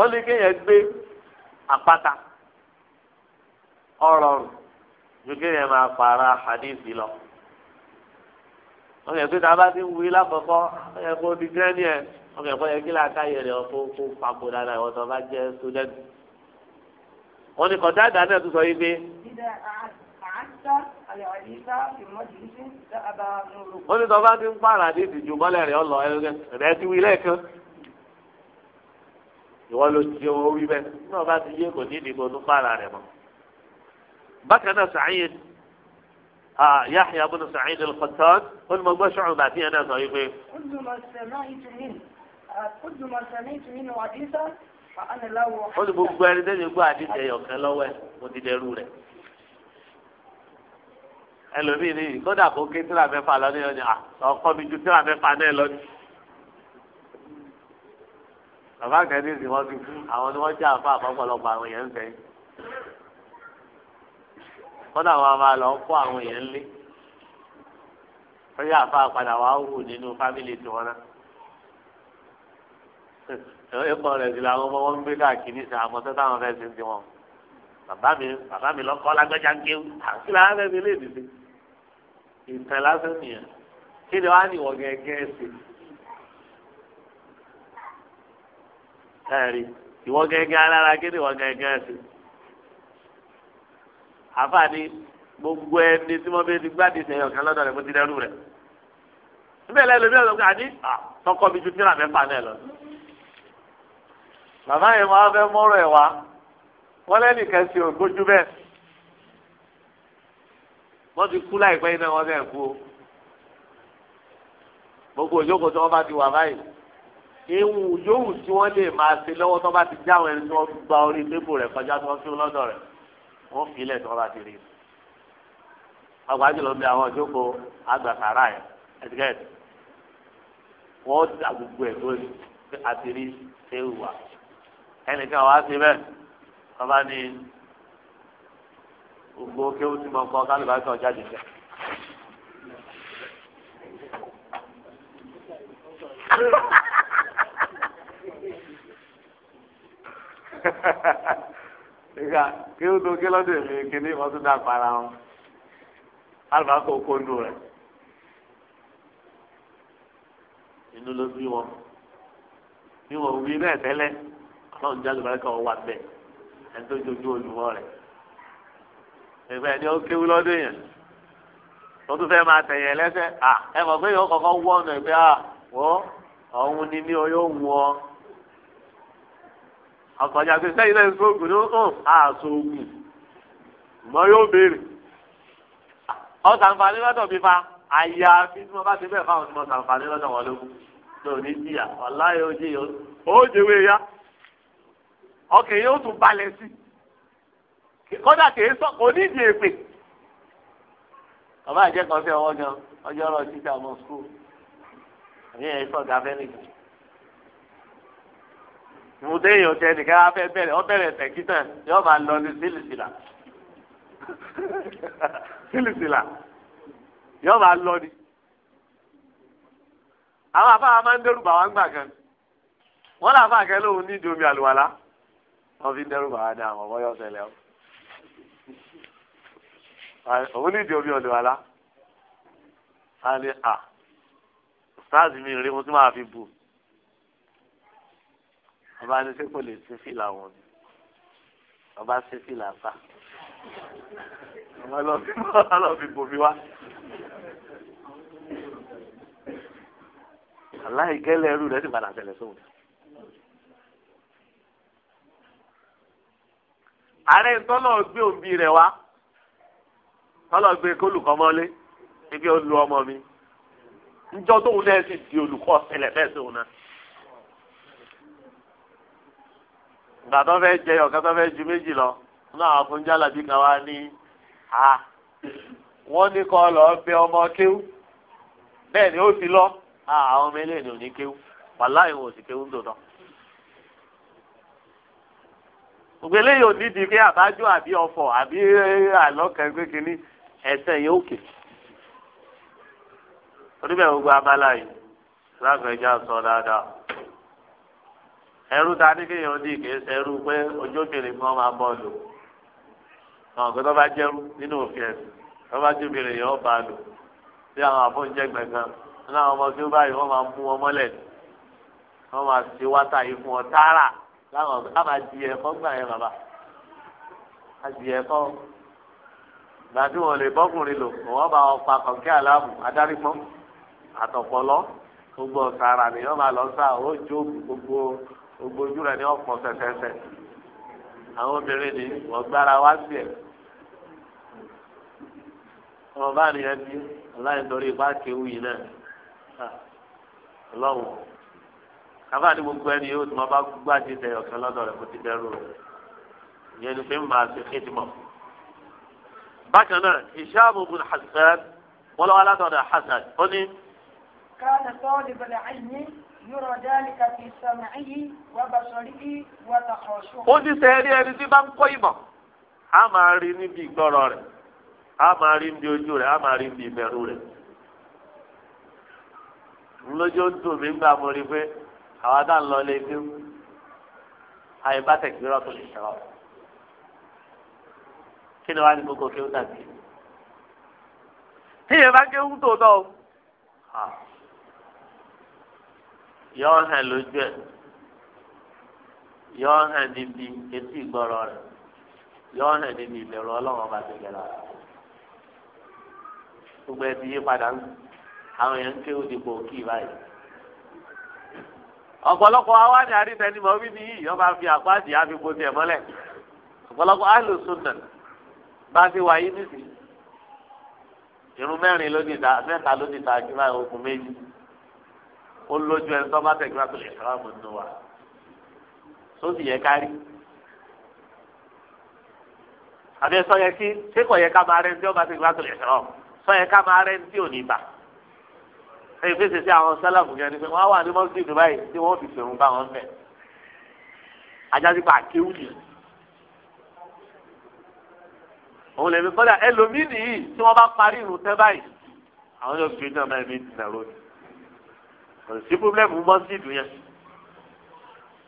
ó ní kéèyàn gbé àpáta ọ̀rọ̀rùn gbogbo yẹn máa para hadithi lọ wọ́n yẹ kó dábàá ti ń wí lákọ̀ọ́kọ́ wọ́n yẹ kó di gírẹ́nì ẹ̀ wọ́n yẹ kó yẹ kí làákà yẹ rẹ̀ kó kó papò dáadáa ìwọ́n tó bá jẹ́ sódẹ́tì. wọ́n ní kọ̀tà àdáná ẹ̀ tó sọ yìí pé. wọ́n ní tọ́ba ti ń pààrà ní ìdìjú mọ́lẹ̀ rẹ̀ ọ̀lọ́ rẹ̀ ti wí lẹ́ẹ̀kan. ìwọ́n ló ti owó wí bẹ́ẹ̀ ní ọba ti yé kò ní ìdìbò tó pààrà rẹ̀ mọ́ bákan náà Sa'id Yahya ibn Sa'id al-Qattan ó ní mo gbọ́ ṣọ́ọ̀rùn bàtí yẹn náà sọ yìí pé. ó ní gbogbo ẹni tẹ́lẹ̀ gbọ́ àdìsẹ́ ọ̀kan lọ́wọ́ ẹ̀ mo ti ودي rẹ̀ ẹlòmíì ni kódà kó ké tíra mẹ́fà lọ́ní ọ̀nì à ọkọ mi ju tíra mẹ́fà náà lọ́ní. bàbá kẹ́ni ìsìn wọn ti kú àwọn ni wọ́n jẹ́ àfa àpapọ̀lọpọ̀ àwọn èèyàn ń sẹ́yìn kọ́dà wa máa lọ kó àwọn èèyàn lé lọ́yà àfa padà wà wù nínú fámìlì tiwọn náà ẹ̀kọ́ rẹ̀ sì làwọn ọmọ wọn gbé káàkiri sí àwọn ọmọọṣẹ́ táwọn fẹ́ẹ́ ṣe tiwọn bàbá mi bàbá mi lọ́kọ́ lágbẹ́jà ń kéwù àti làwọn fẹ́ẹ́ fi lè dìde ìtàn lásán nìyẹn kí ni wàá nìwọ̀ gẹ́gẹ́ sí ẹ̀rí ìwọ gẹ́gẹ́ alára kí ni ìwọ gẹ́gẹ́ sí àfààní gbogbo ẹni tí wọn bẹ ti gbádìí sẹ́yìn ọkàn lọ́dọ̀ rẹ mo ti dẹrù rẹ níbẹ̀ lẹ́yìn lómi ọ̀sán àní tọkọ mi ju tíra mẹ́fà náà lọ. bàbá yẹn wọn fẹ́ mọ́rọ̀ ẹ̀ wá wọ́n lẹ́nu kẹsì ògbójú bẹ́ẹ̀ wọ́n ti kú láìpẹ́ yìí náà wọ́n fẹ́ kú o gbogbo òjókòó tí wọ́n bá ti wà báyìí ìwù yòówù tí wọ́n lè máa ṣe lọ́wọ́ tó bá ti já ẹni tí wọ́n gba orí tébù rẹ̀ kọjá tí wọ́n fi lọ́dọ̀ rẹ̀ wọ́n fi ilẹ̀ tí wọ́n bá ti rí i. ọgbà jùlọ bí àwọn ìjókòó àgbà sàrà yẹn ẹ̀dígẹ́ẹ̀dì wọ́n dà gbogbo ẹ̀ tó àti rí ewu wa. ẹnìkan wàá sí bẹ́ẹ̀ wọ́n bá ní gbogbo kéwù tí mo kọ́ kálíbà tí wọ́n jáde jẹ́. ha ha ha ìgbà kí ó tó kí lọ́dọ̀ èmi kíní wọ́n tún dá para wọn alùpàkọ́ kóńdù rẹ̀ inú ló bí wọn bí wọn wí náà tẹ́lẹ̀ ọlọ́run jẹ́ alùpàkọ́ wà bẹ́ẹ̀ ẹni tó jojú olùwọ́ rẹ̀ ìgbà ẹni ó kéwú lọ́dọ̀ yẹn tó tún fẹ́ máa tẹ̀yẹ̀ lẹ́sẹ̀ à ẹ mọ̀ pé yóò kọ́kọ́ wọ́ ọ̀nà ìgbé à ọ̀hún ni mí ọ yóò wọ́ ọ ọkọjà pé sẹ́yìn náà ń sóògùn ní ó àsòògùn mọ yóò béèrè ọ̀sàǹfààní lọ́dọ̀ mi fa àyà bí mo bá ti bẹ́ẹ̀ fáwọn tí mo sàǹfààní lọ́dọ̀ wọn lógún lónìí jìyà ọ̀láyé ojì yóò jẹwé ya ọkàn yóò tún balẹ̀ sí kódà kìí sọ kò ní ìdí èpè ọba àjẹkọ̀ọ́fẹ́ ọwọ́ gan ọjọ́ ọ̀rọ̀ títà mọ́ skul àbí ẹ̀ sọ̀gá fẹ́ẹ́ nìkan ìwọ déyìn ọtẹ nìkan á fẹ́ bẹ̀rẹ̀ ọ bẹ̀rẹ̀ tẹkítàn yóò máa lọ ní sílìsìlà *laughs* sílìsìlà yóò máa lọ ní. àwọn afáwọn máa ń dẹrù bàwá ń gbà kan wọn là fà kẹ lóhun ní ìdomi àlùwàlá wọn fi ń dẹrù bàwá ní àwọn ọmọ yọ ṣẹlẹ̀ o òun ní ìdíomi àlùwàlá a ní à sáàsì mi rí mo tún máa fi bù ọba ní sẹ́kọ̀ọ́ lè sí fìlà wọn ni ọba sí fìlà fà ọba *laughs* lọ fi bòmí wá. aláìgẹ́lẹ̀ ẹrú rẹ̀ sì padà tẹ̀lé sóhun. ààrẹ tọ́lọ̀ gbé òbí rẹ̀ wá tọ́lọ̀ gbé kólùkọ́ mọ́lé ibi olú ọmọ mi ńjọ́ tóun náà sì di olùkọ́ ṣẹlẹ̀ bẹ́ẹ̀ sóhun náà. ìgbà tó fẹ́ jẹ ju méjì lọ náà àwọn fún kan wá ní a wọ́n ní lọ bẹ ọmọ kéwú bẹ́ẹ̀ ni ó ti lọ àwọn ọmọ eléyìí ò ní kéwú wàláì wọn ò sì kéwú dòdò. di pé àbájọ àbí àbí àlọkàn ẹsẹ yẹn oníbẹ̀ gbogbo abala yìí sọ dáadáa. ẹrú ta ní kéèyàn ní kìí ṣe ẹrú pé ojóbìnrin kan máa bọ́ lò àwọn ògbé tó bá jẹ́rú nínú òfin ẹ̀sìn tó bá jóbìnrin yẹn ó bá lò sí àwọn àfọ̀njẹ́ gbẹ̀ngàn nínú àwọn ọmọ tí ó báyìí wọ́n máa mú wọn mọ́lẹ̀ wọ́n máa ṣe wáta yìí fún ọ tààrà láwọn ọ̀gá á máa di ẹ̀kọ́ gbà yẹn bàbá á di ẹ̀kọ́ gbà tí wọn lè bọkùnrin lò wọn bá wọn pa kọkẹ aláàbò adárígbọn àtọpọlọ gbogbo ọ̀sára ni wọn máa lọ sá ó jó gbogbo gbogbo ojú rẹ ní ọ̀pọ̀ fẹfẹfẹ àwọn obìnrin ni wọ́n gbára wá sí ẹ̀ ọmọ bá nìyẹn bí ọláyé torí ipá kéwù yìí náà ọlọ́wọ́ kábàá ní gbogbo ẹni yóò tí wọ́n bá gbájú tẹ ọ̀kan lọ́dọ̀ rẹ̀ kó ti dẹrù rẹ̀ ìyẹn ni fi ń máa ṣe kéde mọ́. bákan náà ìṣáàbù bùn hasan wọ́n lọ́wọ́ látọ̀dọ̀ hasan ó ní. káàdà sọ́ọ́ yúrọ̀ dáríkà fi sàmì yìí wà bàṣọrí yìí wà tàkọ̀ṣù. ó ti sẹ́ ẹni ẹni tí bá ń kọ́ ìmọ̀ a máa rí níbi ìgbọ́rọ̀ rẹ̀ a máa rí níbi ojú rẹ̀ a máa rí níbi ìbẹ̀rù rẹ̀ lójú ń dùn mí gbà mo rí pé àwa dá ń lọ lé bí àyè bá tẹ̀gbẹ́rọ̀ tó lè sọ̀rọ̀ kí ni wàá ní gbogbo kí ó dàbí. tí bá gé ń tò náà. yọọ hàn lójú ẹ yọọ hàn níbi etí ìgbọrọ rẹ yọ hàn níbi ìbẹ̀rù ọba tẹ́lẹ̀ la gbogbo ẹbí yí padà ń àwọn èèyàn ń ké òdìbò báyìí ọ̀pọ̀lọpọ̀ ni mọ̀ wí fi àpáàdì àfikún tiẹ̀ mọ́lẹ̀ ọ̀pọ̀lọpọ̀ àlùsùn nà bá ti wà ó lójú ẹni tó bá tẹ̀gbẹ́ àti lè sọ́ra mọ́ nínú wa tó sì yẹ kárí. àbí ẹsọ yẹ kí sékọ̀ yẹ ká máa rẹ ní tí ó bá tẹ̀gbẹ́ àti lè sọ́ra sọ yẹ ká máa rẹ ní tí bà. ẹ fèsì sí àwọn sálàmù yẹn ni pé wọ́n wà ní mọ́sí ìdúrà yìí tí wọ́n fi fèrún bá wọn bẹ̀. ajá sí pa àkéwù nìyí. òun lè fi kọ́lá ẹlòmíì nìyí tí wọ́n bá parí ìrùtẹ́ báyìí àwọn yóò fi náà máa ẹ̀mí ìdìnnà lónìí kò sí pírọ́blẹ́mù mọ́sídù yẹn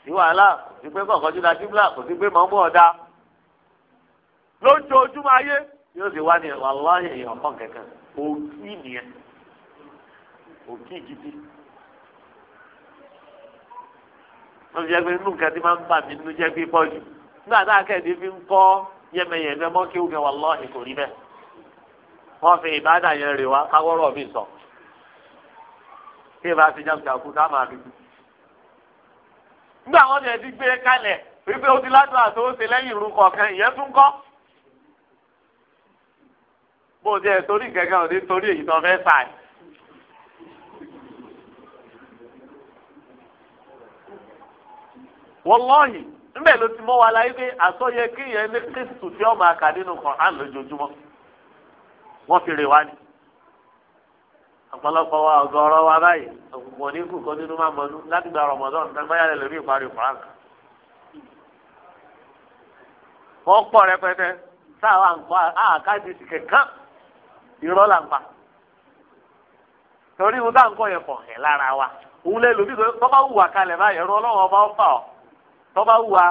sí wàhálà kò sí pé kọ̀ọ̀kan júdà júmùlà kò sí pé mọ́mú ọ̀dà lójoojúmọ́ ayé yóò sì wá ní wàláyé èèyàn kan kẹ̀kẹ́ òkì nìyẹn òkì gidi. wọ́n fi jẹ́ pé inú nǹkan máa ń bà mí nínú jẹ́ pé pọ̀ jù nígbà tá a kẹ́ẹ̀dé fi ń kọ́ yẹmẹyẹmẹ mọ́kíwù kẹwàá lọ́ọ̀hìn bẹ́ẹ̀ wọ́n fi ìbádà yẹn rè wá káwọ́rọ̀ mi sọ. tí ìbá fi jáde àkú ká máa dùn. nígbà wọn lè ndị gbé kalẹ̀ wípé o ti ládùn àti o ṣe lẹ́yìn ìrù kọ̀ọ̀kan ìyẹn tún kọ́. bó o jẹ́ torí kankan òde torí èyí tó fẹ́ fà yìí. níbẹ̀ ló ti mọ́ wa láyé kristu tí ọ̀pọ̀lọpọ̀ wa ọ̀gọ̀ọ̀rọ̀ wa báyìí òkùnkùn oníkù kó nínú máa mọ̀nú láti gba rọmọdọ́ nǹkan báyà lè lórí ìparí ìfọ̀rán. wọ́n pọ̀ rẹpẹtẹ sáà ń pa àkáàdì sì kẹ̀kẹ́ irọ́ là ń pa. torí mo dáńkọ yẹn pọ̀ ẹ̀ lára wa òun lè lòdì tọ́ba wùwà kalẹ̀ báyìí ẹ̀rọ ọlọ́run ọba ọ̀fà ọ̀ tọ́ba wùwà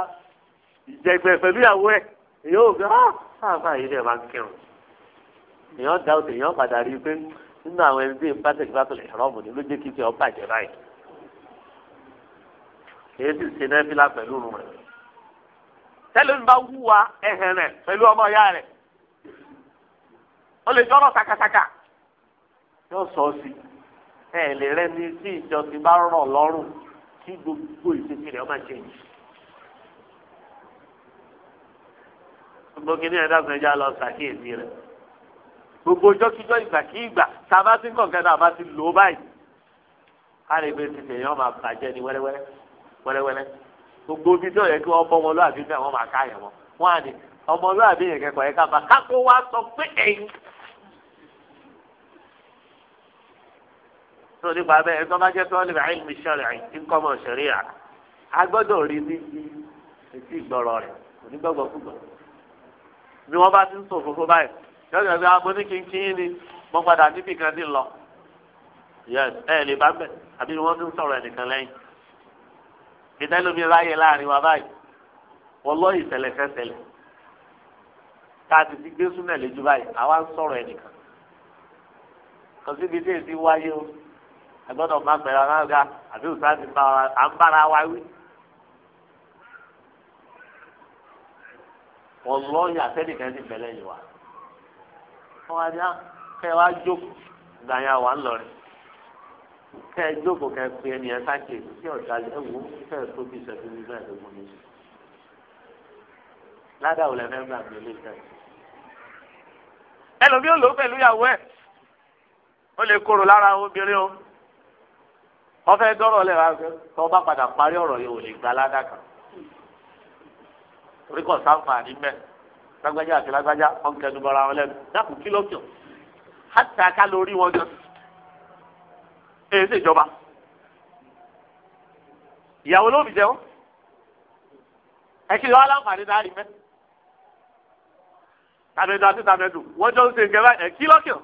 ìjẹ̀gbẹ̀ pẹ̀lú ìyàwó ẹ̀ èyí ò gbé ah sáà ah, báyìí nínú àwọn ẹni tí ìfásitì bá tòlè ìrọ́mù ni ló jẹ́ kí ti ọ bàjẹ́ báyìí èyí sì ṣe náà fílà pẹ̀lú òun rẹ̀ tẹ́lẹ̀ ń bá wúwa ẹ̀hẹ̀ rẹ̀ pẹ̀lú ọmọ ìyá rẹ̀ ó lè jọ́rọ̀ sakasaka yóò sọ ọ́ sí ẹ̀ lè rẹ́ ní tí ìjọ ti bá rọ̀ lọ́rùn kí gbogbo ìṣesí rẹ̀ ọmọ ṣe yìí. gbogbo kìnìún ẹ̀dá gbogbo ọjọ́kíjọ́ ìgbàkígbà tá a bá ti ń kàn kẹ́ta a bá ti lò ó báyìí a lè gbé ti tèèyàn máa bàjẹ́ ní wẹ́rẹ́wẹ́rẹ́ wẹ́rẹ́wẹ́rẹ́ gbogbo ibi tó yẹ kí wọ́n bọ́ ọmọlúwàbí bẹ́ẹ̀ wọ́n máa ká yẹn wọn wọn à ní ọmọlúwàbí yẹn kẹ́kọ̀ọ́ yẹ káfa kákó wá sọ pé ẹ̀yìn. tó nípa bẹ́ẹ̀ ẹ̀tọ́ bá jẹ́ tó lè báyìí mi ṣẹlẹ̀ àìsí kọ́mọ ṣẹlẹ̀ à á gbọ́dọ̀ rí ní etí ìgbọ̀rọ̀ rẹ̀ onígbọ̀gbọ̀ kúgbọ̀ bí wọ́n bá ti ń sọ òfófó báyìí yọ̀ọ̀dọ̀ bí aago ní kínkín ni mo padà níbi kan ní lọ ẹ lè bá bẹ àbí wọ́n tún sọ̀rọ̀ ẹnìkan lẹ́yìn ìdálómi ráyè láàrin wa báyìí wọ́n lọ ìṣẹ̀lẹ̀ kẹsẹ̀lẹ̀ tá a ti ti gbé súnmẹ̀ lójú báyìí àwa ń sọ̀rọ̀ ẹnìkan kò síbi tí èsì wáyé o àgbọ́dọ̀ máa pẹ̀lú àwọn ọ̀gá àbí òṣà ti bá wa à ń bára wa wí. wọ́n lọ́ọ̀yà sẹ́nìkan ti bẹ̀lẹ̀ yìí wa wọn wá ní á ah, kẹ wá jókòó gbàyà wà ń lọrin kẹ ẹ jókòó kẹ ẹ pe ẹni ẹ sáàkì kí ọ̀dà ẹ wò ó kẹ ẹ tó bí ìṣẹ́jú ní bẹ́ẹ̀ lógún ní sí. ládàá òlẹ̀ fẹ́ gbà mí lẹ́sẹ̀. ẹlòmíì ò lò ó pẹ̀lú ìyàwó ẹ̀ ó lè kóró lára obìnrin o wọ́n fẹ́ dọ́rọ̀ lẹ̀ wá tó bá padà parí ọ̀rọ̀ yìí ò lè gba ládàá kan. orí kọ̀ sáǹfà ní mẹ́ẹ̀ lágbájá àti lágbájá wọn kẹnu bọra wọn lẹ́nu dákun kí ló kàn hàtà ká lórí wọn jọ èyí sì jọba ìyàwó ló fi jẹ wọn ẹ kí ló wá láǹfààní náà rí mẹ tàbẹdù àti tàbẹdù wọn jọ ń ṣe nǹkan báyìí ẹ kí ló kàn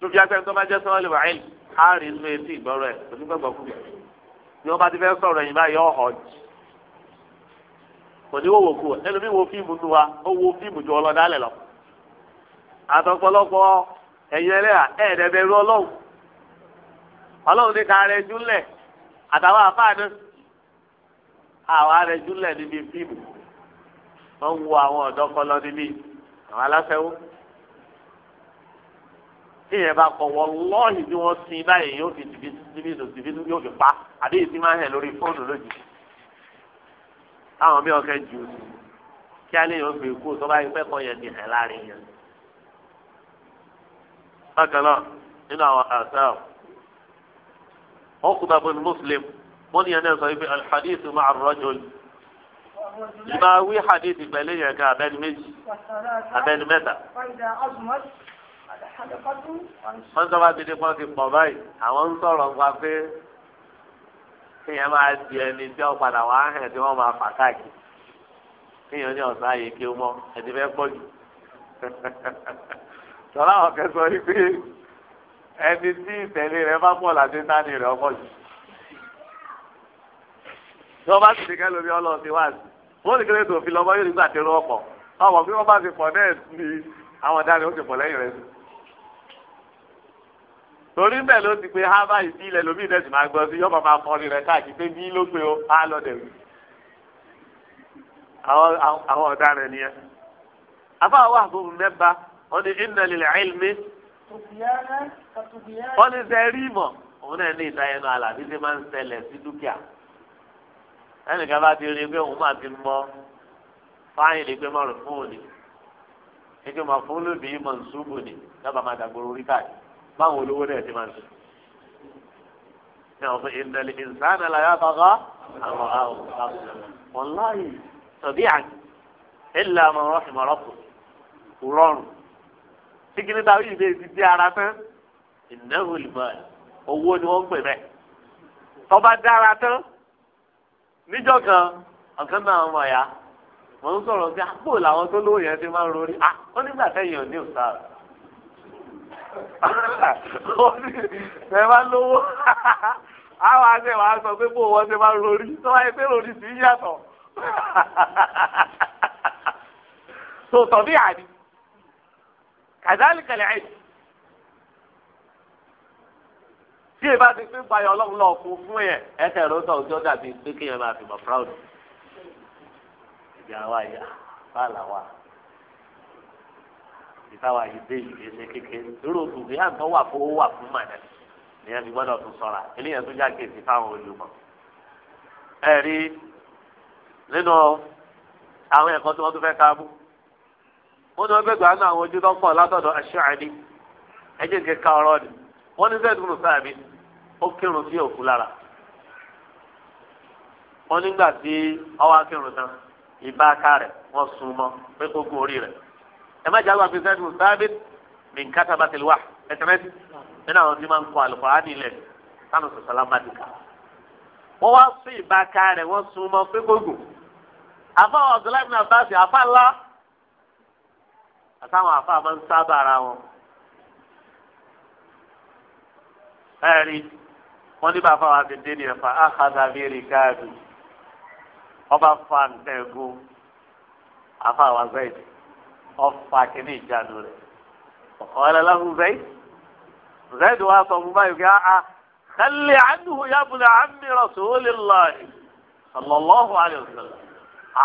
tó fi agbẹ́ni tó bá jẹ́ sọ́wọ́lì wàhálì á rí inú etí ìgbọ́rọ̀ ẹ̀ onígbàgbọ́ fún mi ni wọ́n bá ti fẹ́ sọ̀rọ̀ yìí báyìí ọ̀họ́ kò ní wò wò kú ẹlòmíì wo fíìmù nu wa ó wo fíìmù ju ọlọ́dà lẹ̀ lọ. àtọ̀pọ̀lọpọ̀ ẹ̀yin ẹlẹ́yà ẹ̀ẹ́dẹ̀bẹ̀rù ọlọ́run ọlọ́run ní ká rẹ júlẹ̀ àtàwọn àfáàdé àwọn arẹ júlẹ̀ níbi fíìmù wọ́n ń wo àwọn ọ̀dọ́ kọlọ níbi àwọn aláfẹ́wọ́ tíyẹn bá kọ wọ́n lọ́ọ̀hìn bí wọ́n sin báyìí yóò fi tìbí tìbí tìbí yóò fi pa àbí ìsín máa hẹ̀ lórí fóònù táwọn bí ọkẹ jù sí kí á lè yọ gbé kú tó bá yẹ pẹ́ kọ́ yẹn ti hàn láàrin yẹn. bákan náà nínú àwọn àṣà wọn kú bàbá ní muslim wọn ní yẹn náà sọ wípé alhadith máa rọjò ìmọ̀ wí hadith pẹ̀lú yẹn kan abẹ́ni méjì abẹ́ni mẹ́ta wọ́n sọ wá ti di pọ́n pọ̀ báyìí àwọn ń sọ̀rọ̀ nípa pé kéèyàn máa di ẹni tí wọn padà wá hàn tí wọn máa fà káàkiri kéèyàn ní ọ̀sán ààyè kí ó mọ ẹni fẹ́ pọ̀ jù *laughs* tọ́lá ọ̀kẹ́ sọ wípé ẹni tí ìtẹ̀lé rẹ bá pọ̀ láti dání rẹ ọkọ̀ jù tí wọ́n bá sì kẹ́ lórí ọlọ́ọ̀sìn wá sí wọ́n ní kílódé tó fi lọ́mọ yóò nígbà tẹ́lú ọkọ̀ ọmọ bí wọ́n bá ti pọ̀ náà ni àwọn ọ̀daràn ó ti pọ̀ lẹ́yìn rẹ̀ sí torí bẹ́ẹ̀ ló ti pé ha báyìí sí ilẹ̀ lómi ìdẹ́sì máa gbọ́ sí yọ́pọ̀ máa fọ́ rírẹ káàkiri pé bí ló pé o á lọ dẹ̀ wí. àwọn ọ̀daràn nìyẹn. afa wa àbúrò mẹ́ba wọ́n ní inna lil ilmi. wọ́n ní sẹ́ rí ìmọ̀ òun náà ní ìtayẹnu àlàbí tí máa ń ṣẹlẹ̀ sí dúkìá. ẹnìkan bá ti rí i pé òun máa ti mọ fáyìn lè gbé mọ́rùn fún òní. ẹgbẹ́ mọ̀ fún lóbi mọ̀ nsúbù ni báwọn olówó náà ti máa ń sè. ní àwọn fún ìdẹ̀lẹ̀ ìsàn àlàyé àtàkà àwọn àwọn wọláyé tọ̀bí àná ẹ̀là àmọ̀ rọ̀ṣìmọ̀rọ̀kù kò rọrùn. síkìní táwọn yìí bẹ́ẹ̀ ti dé ara tán ìnáwó ìmọ̀ owó ni wọ́n ń pè bẹ́ẹ̀. tọ́ba dára tán níjọ́ kan ọ̀kan náà ọmọ ya mo ń sọ̀rọ̀ sí àpò ah, làwọn tó lówó yẹn ti máa ń rori. ó ah, nígbà tẹ́yìn ò ní òsáàrù ẹ máa lówó *laughs* àwọn àti ẹ̀wà sọ pé bó wọ́n ṣe máa rori tó wáyé pé rori sì ń yàtọ̀ tó *laughs* tọ̀ bí àdì kàdálìkàlẹ̀ àìsí. tí ẹ bá ti fi gbayọ ọlọ́run lọ fún fún yẹn ẹsẹ̀ ló tọ̀ ọjọ́ dàbí pé kéèyàn máa fi mọ̀ proud. ìyá wa bá làwà. táwa yìí dé yìí ṣe kékeré lórí oṣù tí yàtọ̀ wà fún wà fún màdà nìyẹn ti gbọ́dọ̀ tún sọ̀ra eléyẹn tó jáde sí fáwọn olùmọ̀. ẹ rí nínú àwọn ẹ̀kọ́ tí wọ́n tún fẹ́ ká mú wọ́n ní wọ́n gbẹ̀gbẹ̀ àánú àwọn ojú tó látọ̀dọ̀ aṣááni ẹ̀jẹ̀ nǹkan ká ọ̀rọ̀ ni wọ́n ní sẹ́ẹ̀dùn sáàbí ó kírun sí òkú lára wọ́n nígbà tí ọwọ́ akírun tán ìbá rẹ̀ wọ́n sun mọ́ pé ẹ má jágbá fi sẹ́dùn sábẹ́t mi ń kátà bá ti wá ẹ̀tẹ́rẹ́tì nínú àwọn tí máa ń kọ àlùkùránì nílẹ̀ sánù sọ̀sọ̀lá bá ti kà. wọ́n wá sí ìbáka rẹ̀ wọ́n sun mọ́ pé gbogbo àfa ọ̀dọ́lá ìbùnà bá sì àfa ńlá àtàwọn àfa máa ń sábà ara wọn. ẹ̀rí wọ́n ní bàbá wa ti dé ní ẹ̀fà áhàdà bíi káàdì ọba ọfà kìíní ìjánu rẹ̀ ọ̀kọ́ ẹlẹ́láhùn zayd zayd wa sọ fún a kí á kálí àdúhù yàbùnà àmì rasulillahi sallallahu alayhi wa sallam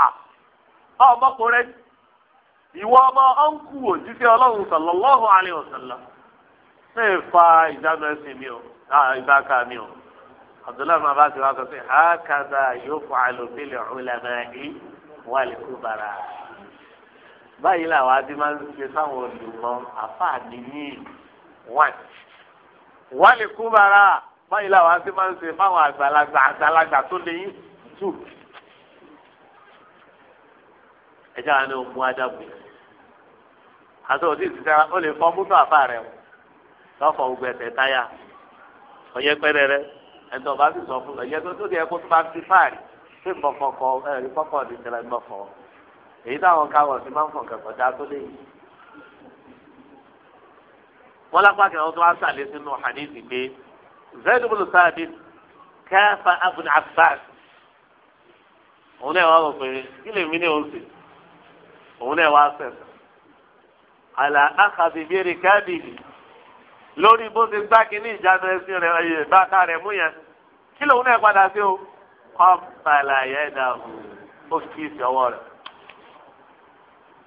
ah, ọmọkùnrin ìwọ ọmọ ọ̀nkù òjíṣẹ́ ọlọ́run sallallahu alayhi wa sallam fa o ma bá ti wá báyìí làwọn adé máa ń ṣe sáwọn olùmọ̀ àfáàní ní wọn wọn lè kú bàrà báyìí làwọn adé máa ń ṣe fáwọn àgbàlagbà àgbàlagbà tó lè yín tù ẹjẹ àwọn ni òun mú adágún yìí àti òtí ìsìtẹ́ra ó lè fọ́ mútó àfa rẹ̀ o lọ́fọ̀ gbogbo ẹ̀sẹ̀ táyà ọ̀yẹ́ pẹ́rẹ́ rẹ ẹ̀dọ̀ bá sì sọ fún ọ̀yẹ́ tó tó di ẹ̀kọ́ tó bá ti fáàrí pé mọ̀fọ̀kọ̀ ẹ̀rí kọ́kọ́ ọ̀dì tẹ̀lé mọ̀fọ̀ọ́ èyí táwọn káwọ̀ sí máa ń fọ̀n kẹ̀kọ́ dá tó léyìí. wọ́n lápá kẹ̀kọ́ tó wá sàlẹ̀ sínú hadith pé zayd ibn sáàdì kẹfà abun abbas òun náà wà wọ pé kí lè mí ní oṣù òun náà wà sẹ̀sẹ̀ àlà àkàbí bèrè kábìlì lórí bó ti gbá kínní ìjánu ẹsìn rẹ ẹyẹ bàtà rẹ mú yẹn kí lòun náà padà sí o kọ́ bàlàyé dàrú ó fi ìfẹ́ ọwọ́ rẹ̀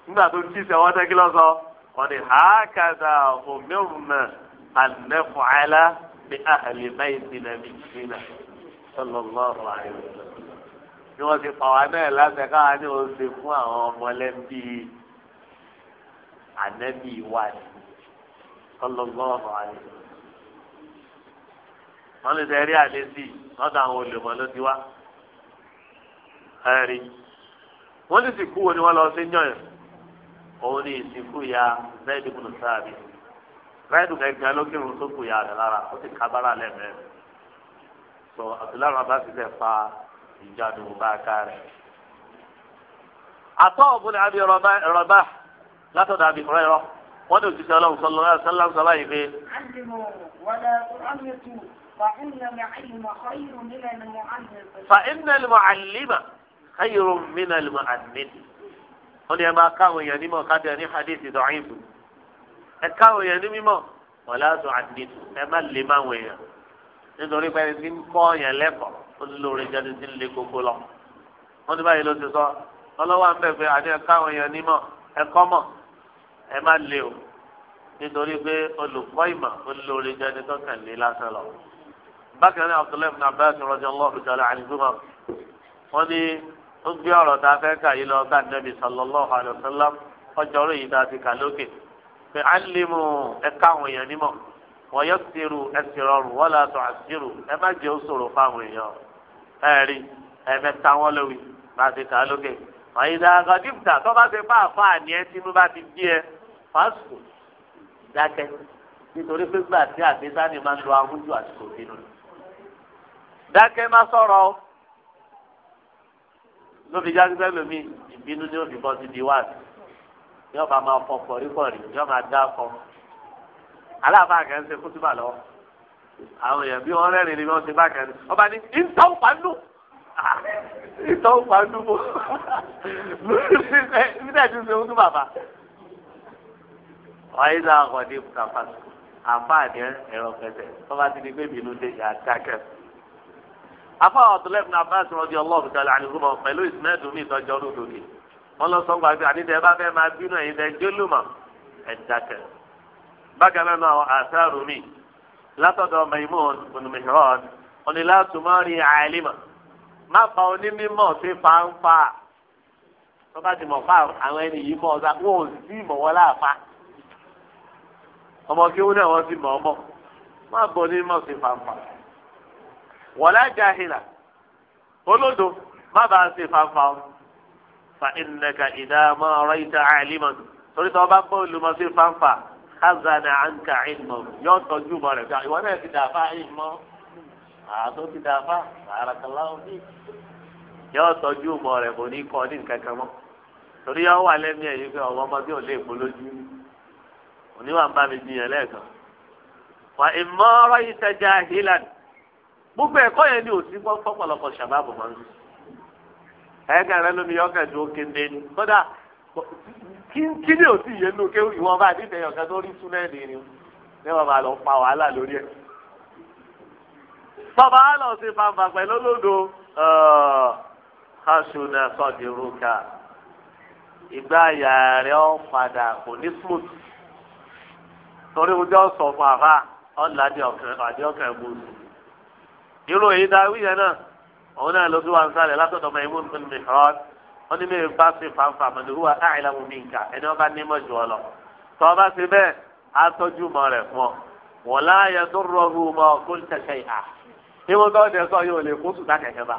nígbà tó ti sẹ wọn tẹkí lọsọ wọn ni hakada omiruna anafuala bi ahali bayti nabi sina sallallahu alayhi wa sallam ni wọn ti pa wá náà láti káwá ní o ṣe fún àwọn ọmọlẹ́bí anabi wa ni sallallahu alayhi wa sallam wọn lè tẹ rí àdésì lọ́dọ̀ àwọn olùmọ̀ ló ti wá ẹ rí wọn sì sì kú wo ni wọn lọ sí yàn òun ní ìsìnkú ya zaidu bin sáàbì zaidu gẹ́gẹ́ ló kírun tó kù ya rẹ̀ lára ó sì kábàrà lẹ́mẹ̀ẹ́ sọ abdullahi rabba sì fẹ́ fa ìjánu bá a ká rẹ̀. àtọ́ ọ̀bùn ni abi rọ̀bà látọ̀dọ̀ abi rẹ́rọ̀ wọ́n ní òṣìṣẹ́ ọlọ́run sọ lọ́wọ́ sọ́lá sọ báyìí pé. فإن المعلم خير من المعلم wọ́n ní ẹ máa káwọn èèyàn nímọ̀ kájọ ní hadithi dọ̀ọ́yìnbù ẹ káwọn èèyàn ní mímọ̀ wọ̀lá tó àdìtú ẹ má lè má wọ̀ èèyàn nítorí pé ẹni ń kọ́ èèyàn lẹ́kọ̀ọ́ ó ti lóore jáde sí ilé gbogbo lọ. wọ́n ní báyìí ló ti sọ ọlọ́wọ́ ń bẹ̀bẹ̀ àní ẹ káwọn èèyàn nímọ̀ ẹ kọ́ mọ̀ ẹ má lè o nítorí pé olùkọ́ ìmọ̀ ó lóore jáde tọ́kàn lásán lọ ó gbé ọ̀rọ̀ tá a fẹ́ kà yìí lọ bá nẹ́bí sallallahu alaihi wasallam ọjọ́ orí yìí tá a ti kà lókè pé á lè mú ẹ̀ka àwọn èèyàn nímọ̀ wọ́n yọ sírù ẹ̀sìn rọrùn wọ́n là tó àṣírù ẹ má jẹ́ ó ṣòro fáwọn èèyàn ẹ̀rí ẹ̀fẹ́ ta wọ́n lórí bá a ti kà lókè ọ̀yìnlá àgọ́dìbùtà tó bá ti bá àfa àní ẹ tínú bá ti bí ẹ fásitì dákẹ́ nítorí pé gbà tí àgbésánì máa ń lo ló fi jáde pẹ́ lómi ìbínú ni ó fi bọ́ sí di wáàsí ni ọba máa fọ pọ̀rípọ̀rí ni ọba dá fọ aláàbá kan ṣe kó túbà lọ àwọn èèyàn bí wọn rẹ́rìn ni wọn ṣe bá kan ọba ní ìtàn pàánù ìtàn pàánù mo lórí ẹ ti ṣe kó túbà bá ọyìn náà kọ ní kàfà àǹfààní ẹ̀rọ kẹsẹ̀ ọba ti di pé bínú dé yà á afáwọn ọ̀tọ̀lẹ́ fún abáṣe wọn di ọlọ́ọ̀bù tẹ̀lé àdìgúnmọ̀ pẹ̀lú ìsìnẹ́dùn ní ìtọ́jú ọdún lókè wọn lọ sọ́gbà pé ànídẹ́ bá fẹ́ máa bínú ẹ̀yin dẹ́ jólùmọ̀ ẹ̀dákẹ́. bákan náà náà àṣàrò mi látọ̀dọ̀ Maimun bin Mihran òní látùmọ́rí àìlímọ̀ má fa onímọ̀ sí fáńfà tó bá ti mọ̀ fá àwọn ẹni yìí mọ̀ ọ̀sà wọn ò sí mọ̀ wọn láàfa ọmọ kí wọn náà wọn ti mọ̀ ọmọ má bọ̀ onímọ̀ sí fáńfà wọlé jahila olódo má bàa ṣe fanfa o fa ìnaka ìdáàmú ọ̀rọ̀ ìta àlímọ̀ torí tí wọ́n bá bọ́ olùmọ̀ sí fanfa hazana anka ìmọ̀ yóò tọ́jú mọ̀ rẹ̀ bí ìwọ náà ti dàfa ìmọ̀ àtó ti dàfa àràkàlà òbí yóò tọ́jú mọ̀ rẹ̀ kò ní kọ́ ní nǹkan kan torí yóò wà lẹ́mí ẹ̀ yìí pé ọmọdé ò lè polójú oníwà mi jiyàn lẹ́ẹ̀kan fa ìmọ̀ ọ̀rọ̀ ìta jahila ni gbogbo ẹ̀kọ́ yẹn ni òsín fọ́pọ̀lọpọ̀ ṣàbábù máa ń sùn. ẹ̀ẹ́dẹ̀ rẹ lómi ọkàn tó kéde ni kódà kí ni òsì yẹn ló kéwù ìwọ̀n bá dídẹ̀ ọ̀kẹ́ tó rí sún náà nìyẹn ní wọn bá lọ pa wàhálà lórí ẹ̀. bàbá á lọ sí fanfà pẹ̀lú olódo hasuna sọdìrúkà ìgbà àyà rẹ ọ padà kò ní smooth torí ojú ọ̀sán fún àfà ọ̀làdì ọ̀kẹ́ ọ̀kẹ́ gbòòsì irú èyí tá a wí yẹn náà òun náà ló tún wà ń sálẹ̀ látọ̀dọ̀ ọmọ ìmú nínú mìíràn wọn ní mi bá fi fanfa mọ̀ níwá àìlà mu mi nkà ẹni wọn bá ní mọ̀ jù ọ lọ tọ́ ọba sí bẹ́ẹ̀ á tọ́jú mọ̀ rẹ̀ fún ọ wọn láàyè tó rọrù mọ kó ń tẹ̀sẹ̀ ìhà ní wọn bá ọdẹ sọ yóò lè kó sùn láti bá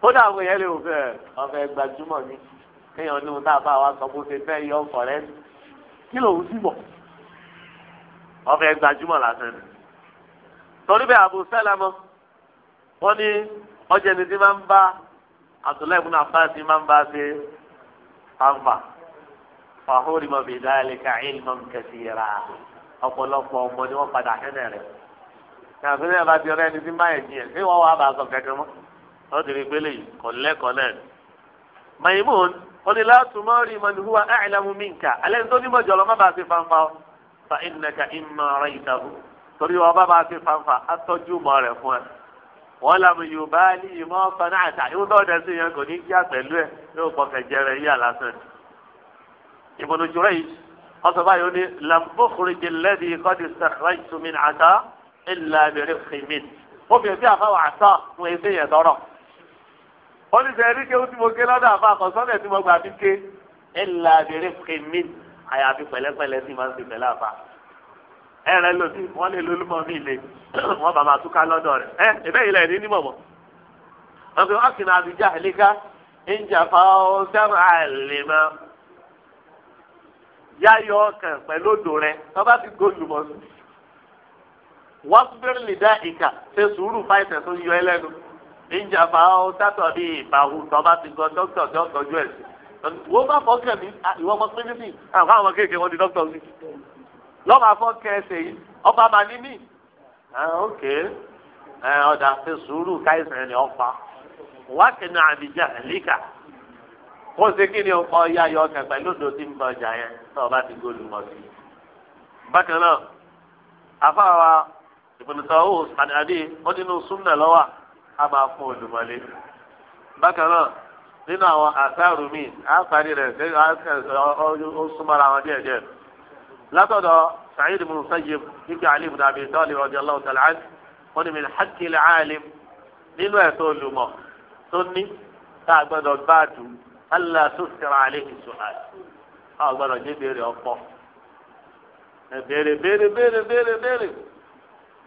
kódà àwọn èèyàn lè fẹ́ ọ̀fẹ́ gbajúmọ̀ ni kéèyàn ní wọn bá wa sọ bó ṣe fẹ́ yọ ọ̀fọ̀rẹ́ kí lòun sì mọ̀ ọ̀fẹ́ gbajúmọ̀ lásán torí bẹ́ẹ̀ àbùsẹ́lẹ̀ mọ́ wọ́n ní ọjà ẹni tí máa ń bá àtúnlẹ̀ ìbùnà fáàsì máa ń bá ṣe ka kẹsì rà ọpọlọpọ ọmọ ni wọn padà hẹ́nẹ̀ rẹ̀ kàfin náà bá ti ọ̀rẹ́ ẹni tí máa ń jìn ẹ̀ ṣé a sọ ti rí Maimun rí minka alẹ́ ní tó ní má ṣe fanfa fa torí wọn bá fanfa mọ́ wọ́n làmú yorùbá ní ìmọ̀ fana àti àyùn tó dẹ̀ sí yẹn kò ní kíá pẹ̀lú ẹ̀ yóò pọ̀ kẹjẹrẹ yí àlásán. ìbùnú jùlọ yìí wọ́n sọ báyìí ó ní làmbókùnrin jìnlẹ́dì kọ́dí sàkàràjì tómi ní àtà ìlà abẹ́rẹ́ fèmí. ó bẹ̀rẹ̀ bí àfáwọ̀ àtà wọn èsì yẹn tọrọ. ó ní sẹ́yìn ríkẹ́ ó ti mo gé lọ́dọ̀ àfa àkọsọ́lẹ̀ tí mo gbà fi ké ẹ rẹ lómi wọn lè lólúmọ mi lè *clears throat* wọn bàbá túká lọ́dọ̀ rẹ̀ ẹ ẹbẹ yìí lẹ ní nímọ mọ. wọn fi wọn kìnnà àbíjà àlékà ìjàfà ọsẹrọ àlèmọ yáyọ ọkàn pẹ̀lú odò rẹ̀ wọn bá ti gbójú mọ sùn. wọn bẹ̀rẹ̀ lè dá ìkà ṣe sùúrù fáìsẹ tó yọ ẹlẹ́nu ìjàfà ọsẹtọ bíi ìbàwù tó bá ti gbọ́ dókítà tó ń tọ́jú ẹsẹ. wọn bá fọkàn mi ìwọ ọmọ pínpín àwọn ọmọ kéèké wọn di dókítà mi. lọ́ba fọ́ kẹsẹ̀ yìí ọba màní mi òkè ọ̀dà fi sùúrù káìsàn ni ọ̀pá wá kìnnà àbíjà líkà kó o ṣe kí ni ya yọ ọkẹ pẹ̀lú odò tí ń bọ ọjà yẹn tó o bá ti gbóòlù mọ́ sí i. bákan náà afáwa ìpènìtàn owó àdàdé ó nínú súnmọ́ lọ́wọ́ a máa fún olùmọ̀lé. bákan náà nínú àwọn àṣà rumi àǹfààní rẹ̀ ó súnmọ́ra wọn díẹ̀díẹ̀. látọ̀dọ̀ Sa'id ibn Musayyib níbi Ali ibn Abi Talib radiyallahu ta'ala anhu wọ́n ní min haqqil alim nínú ẹ̀tọ́ olùmọ̀ tó ní tá a gbọ́dọ̀ bá a dùn allah tó sira alayhi su'al a gbọ́dọ̀ jẹ́ béèrè ọ̀pọ̀ béèrè béèrè béèrè béèrè béèrè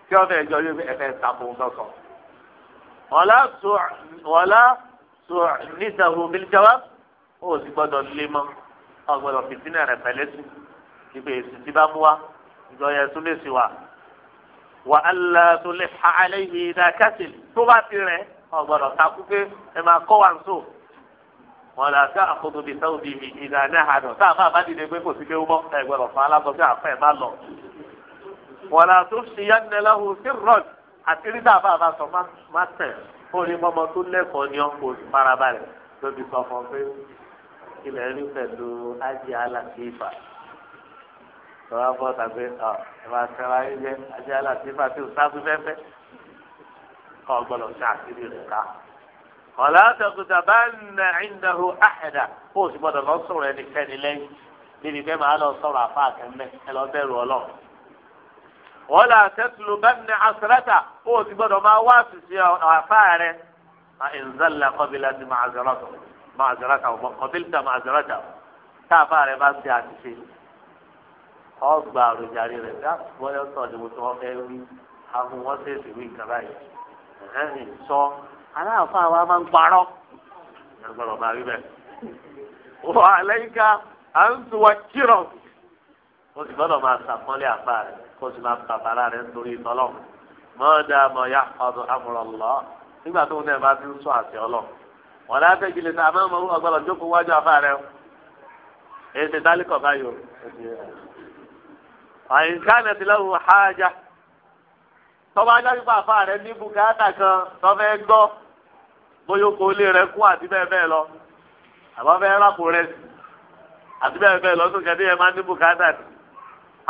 kí ọ fẹ́ jọ yóò fi ẹ̀fẹ́ takùn sọ̀sọ̀ wọ́lá tó nísàhùn bíi jawab ó sì gbọ́dọ̀ lé mọ́ ọ gbọ́dọ̀ fìtínà rẹ̀ pẹ̀lẹ́sì ibè èsì tí bá mú wa ìjọ yẹn tún lè sí wa wà á lọ tó lè fa alẹ́ yìí dá kásìlì tó bá ti rẹ̀ ọgbọ́dọ̀ ká kú pé ẹ máa kọ́ wa nsọ wọn là ká àkótó bíi sáwọn bíi ìdá náà hà dọ̀ sáà máa bá dìde pé kò sí pé ó mọ́ ẹ gbọ́dọ̀ fún alábọ̀ pé àfẹ́ má lọ wọn là tó ṣe yá nílẹ́hu sí rọ́ọ̀d àti rí dáàbà bá sọ má tẹ̀ ó ní mọ́mọ́ tó lẹ́kọ̀ọ́ ni ó ń farabalẹ̀ lóbi sọ fún pé ilẹ̀ rí pẹ̀lú ájì alákìífà tọ́wá bọ́ tàbí ọ ẹ̀ma tẹ́ra yín jẹ́ ajé aláàtí bá ti sáfù fẹ́fẹ́ kọ́ gbọ́dọ̀ ṣàkíyèsí rẹ̀ ká. ọ̀là àtẹ̀kùtà bá ń nà ìdáhù àhẹ̀dà kó o sì gbọ́dọ̀ lọ sọ̀rọ̀ ẹnikẹ́ni lẹ́yìn níbi fẹ́ máa lọ sọ̀rọ̀ àfa àkẹ́mẹ́ ẹ lọ bẹ̀rù ọlọ́ wọ́n là tẹ́tùlù bá nà àṣírẹ́tà ọgbà àròjàre rẹ̀ dá wọlé ọ̀tọ̀ ni mo ti wọ́n fẹ́ wí ahun wọ́n sì sì wí nǹkan báyìí ẹ̀hìn sọ aláàfáà wa máa ń parọ́ ẹgbọ́dọ̀ máa rí bẹ́ẹ̀ wọ́n àlẹ́yìnká à ń tuwa kírọ̀ o sì gbọ́dọ̀ máa sàpọ́nlé àpá rẹ̀ kó o sì máa bàbára rẹ̀ nítorí ìtọ́lọ̀ mọ́ọ̀dà mọ̀ọ́yà ọdún amúrọ̀lọ́ nígbà tó náà bá ti ń sọ àti ọlọ́ wọn láti gbélé náà àmọ́ jókòó wájú àpá rẹ̀ èsì dálíkọ̀ báyò àyìnkáná ti lọ́wọ́ hájà tọ́ba ajáde pàfà rẹ ní bùkátà kan tọ́fẹ́ gbọ́ bóyá oko ilé rẹ kú àti bẹ́ẹ̀ bẹ́ẹ̀ lọ àbọ̀ fẹ́ rákò rẹ sí àti bẹ́ẹ̀ bẹ́ẹ̀ lọ tó kẹ́tẹ́ yẹn máa ní bùkátà sí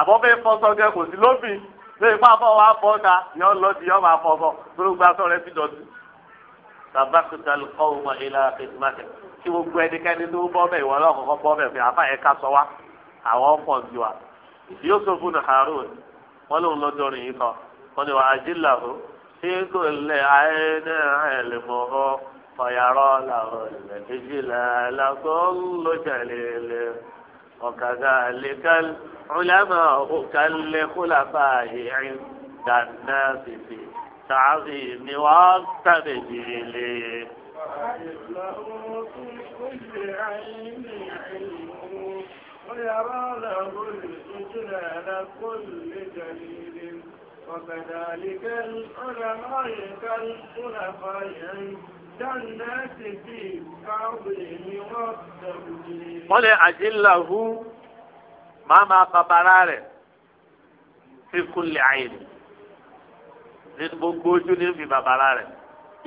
àbọ̀ fẹ́ fọ́sọ́ kẹ́ kò sí lóbì ṣé ipá bọ̀ wá fọ́ ta yọ lọ sí yọ máa fọ́ bọ̀ tó gba sọ rẹ sí dọ̀tí. tabakuta lukọ́ ọmọ ilá kìtìmákẹ́ kí gbogbo ẹnikẹ́ni ló bọ́ bẹ́ẹ̀ ìwọ yusuf ní harun wọn lòun lọ́jọ́ rìn yìí kan wọn ni wàá jìlá o tí kò lè ayé náà ẹ̀ lè mọ̀ ọ́ ọ̀yàrọ̀ làwọn ilẹ̀ kejìlá làkó ló jẹ̀lé lé ọ̀kadà lẹ́kàl ọ̀làmà òkàlẹ̀ kólàfà yìí dáná fífi tààfì ni wọ́n tàbí jìlé. وعلى الله كل عين علم يرى له الحسنى على كل دليل وكذلك العلماء كالخلفاء كالناس في بعضهم والتمجيد ولأجله ما ما قبراره في كل عين ní gbogbo ojú ní fi bàbàrà rẹ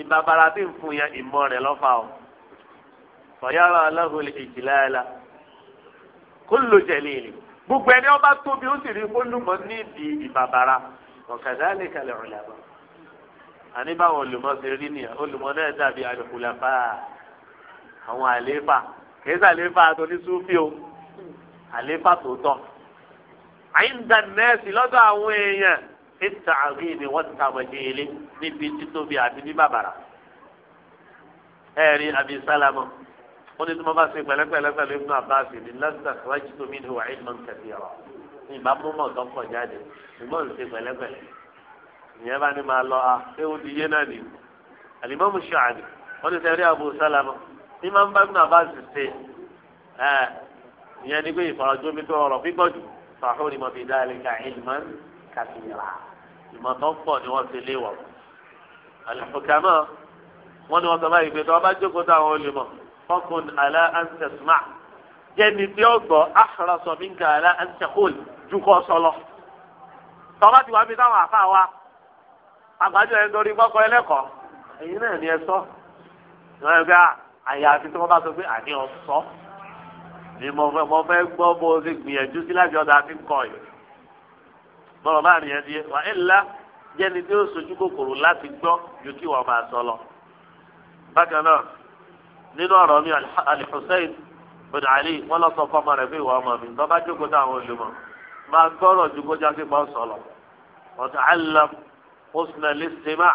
ìbàbàrà tí ń fún yẹn ìmọ̀ rẹ̀ lọ́fà o. fọyàrá aláhùn ìjìlá ẹ̀ la kullu jalili gbogbo ẹni ọba tóbi ó sì rí olùmọ nídìí ìbàbàrà kadhalika al-ulama àní báwọn olùmọ ṣe rí nìyà olùmọ náà dàbí al-khulafa àwọn àlééfà kìí sàlééfà tó ní súfì o àlééfà tó tọ́ àyíǹda nẹ́ẹ̀sì lọ́dọ̀ àwọn èèyàn ìta àgbìn ni wọ́n ta àwọn ìdíyelé níbi títóbi àti bíbàbàrà ẹ̀rí àbí sálámọ̀ ó ní tí mo bá ṣe pẹ̀lẹ́pẹ̀lẹ́ pẹ̀lú ibùdó àbáṣe ní lásìkò síwájú tó mi ní wàá ìmọ̀ nkẹ̀tì ọ̀rọ̀ ní ìbámu mọ̀ tó pọ̀ jáde ṣùgbọ́n ṣe pẹ̀lẹ́pẹ̀lẹ́ ìyẹn bá ní máa lọ a ah, ṣé ó di yé náà ni àlìmọ́mù ṣáàdì ó ní sẹ́rí àbò sálámà ní máa ń bá ibùdó àbáṣe ṣe ẹ ìyẹn ní pé ìfọ̀rọ̀jómi tó rọrọ̀ pípọ̀ jù fàáhùn ni mo ìmọ̀ fọkùn àlà àǹtẹ̀sùmá jẹ́ni tí ó gbọ́ àṣọrọ sọ mí nǹkan àlà àǹtẹ̀kùl ju kọ́ sọlọ. tọ́ba ti wá bí táwọn àfa wa àgbájọ ẹ̀ ń dorí gbọ́kọ́ ẹlẹ́kọ̀ọ́ èyí náà ni ẹ sọ. ìwọ́n ẹ̀ gbá àyàfi tí wọ́n bá sọ pé àní ọ sọ ni mo fẹ́ mo fẹ́ gbọ́ mo ti gbìyànjú sí láti ọ̀dà àti kọ̀ yìí. bọ́lọ̀ bá rìn ẹ́ wà ẹ̀ ńlá jẹ́ni tí ó sojú kòkòrò láti gbọ́ ju kí wọ́n máa sọ lọ. bákan náà nínú ọ̀rọ̀ mi alḥusayn bin ali wọn lọ sọ fọmọ rẹ fún ìwà ọmọ mi lọba jókòó tó àwọn olùmọ máa gbọrọ ju kó jáde pọ sọlọ ọtí alam husna listima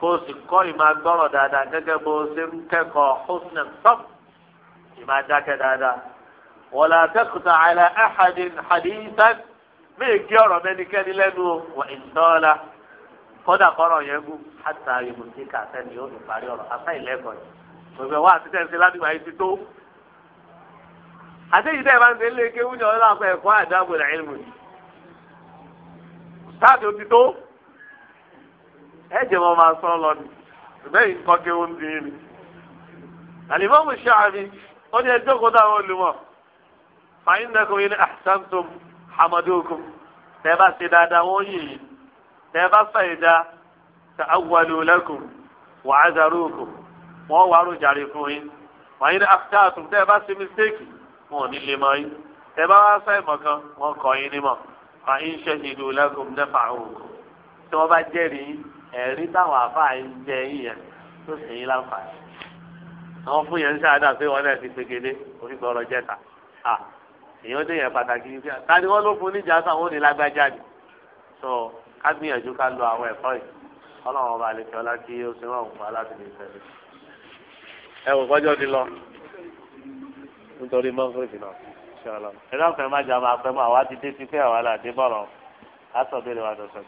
kó o sì kọ́ ìmá gbọrọ dáadáa gẹ́gẹ́ bó o ṣe ń kẹ́kọ̀ọ́ husna sọf ìmá dákẹ́ dáadáa wọlá tẹkùtà àlà ahadin hadithan míì kí ọ̀rọ̀ mẹnikẹni lẹ́nu wà ìtọ́lá kódà kọrọ yẹn gùn hàtà ìmùtíkà sẹni yóò fi parí ọ̀rọ̀ àtàyè lẹkọọ yìí ọ̀sẹ̀ wa àti tẹ̀sí ládùúgbò ayé ti tó. àtẹ̀yìn tẹ̀ bá ń tẹ̀lé kéwú ni ọlọ́run àpẹ ẹ̀kọ́ àdáàbò làyé mu ni. táàtì ó ti tó. ẹ jẹ́ wọn máa sọ lọ ni ṣùgbọ́n yìí kọ́ kéwú ń di ni. àlìmọ́ mu ṣe àmì ó ní ẹjọ́ kó dáwọn olùmọ̀. fàyín nẹ́kùn yìí ní ahsantum hamadukum tẹ́ bá ṣe dáadáa wọ́n yìí tẹ́ bá fàyè dá ta'awwalu lakum wa'azarukum wọ́n wá rojàre fún yín wàyí ní after àtúntò tẹ́ ẹ bá ṣe mistake wọn ò ní lè mọ yín tẹ́ bá wá sáì mọ̀ kan wọ́n kọ́ yín ní mọ̀ wà ń ṣẹ́yìn ìlú lẹ́kùn nẹ́fà òun tí wọ́n bá jẹ́rìí ẹ̀rí táwọn àfáà ń jẹ yín yẹn tó sì yín láǹfààní àwọn fún yẹn ń ṣáadà pé wọn náà ti pegede orí gbọ́rọ̀ jẹ́ta èèyàn dé yẹn pàtàkì ní fíà ni wọ́n ló fún níjà sáwọn òní lágbájá ni so ká gbìyànjú ká lo àwọn ẹ̀kọ́ yìí ọlọ́run ọba àlefẹ́ ọlá kí ó ṣe wọ́n òun pa láti lè fẹ́ ẹ wò kọjọ́ ti lọ nítorí mọ́gírìbì náà ṣọlọ ẹ dákun ẹ má jà máa pẹ́ mọ́ àwa ti dé ti fẹ́ àwa là dé bọ̀rọ̀ á sọ bẹ́ẹ̀ lè wà dọ̀sán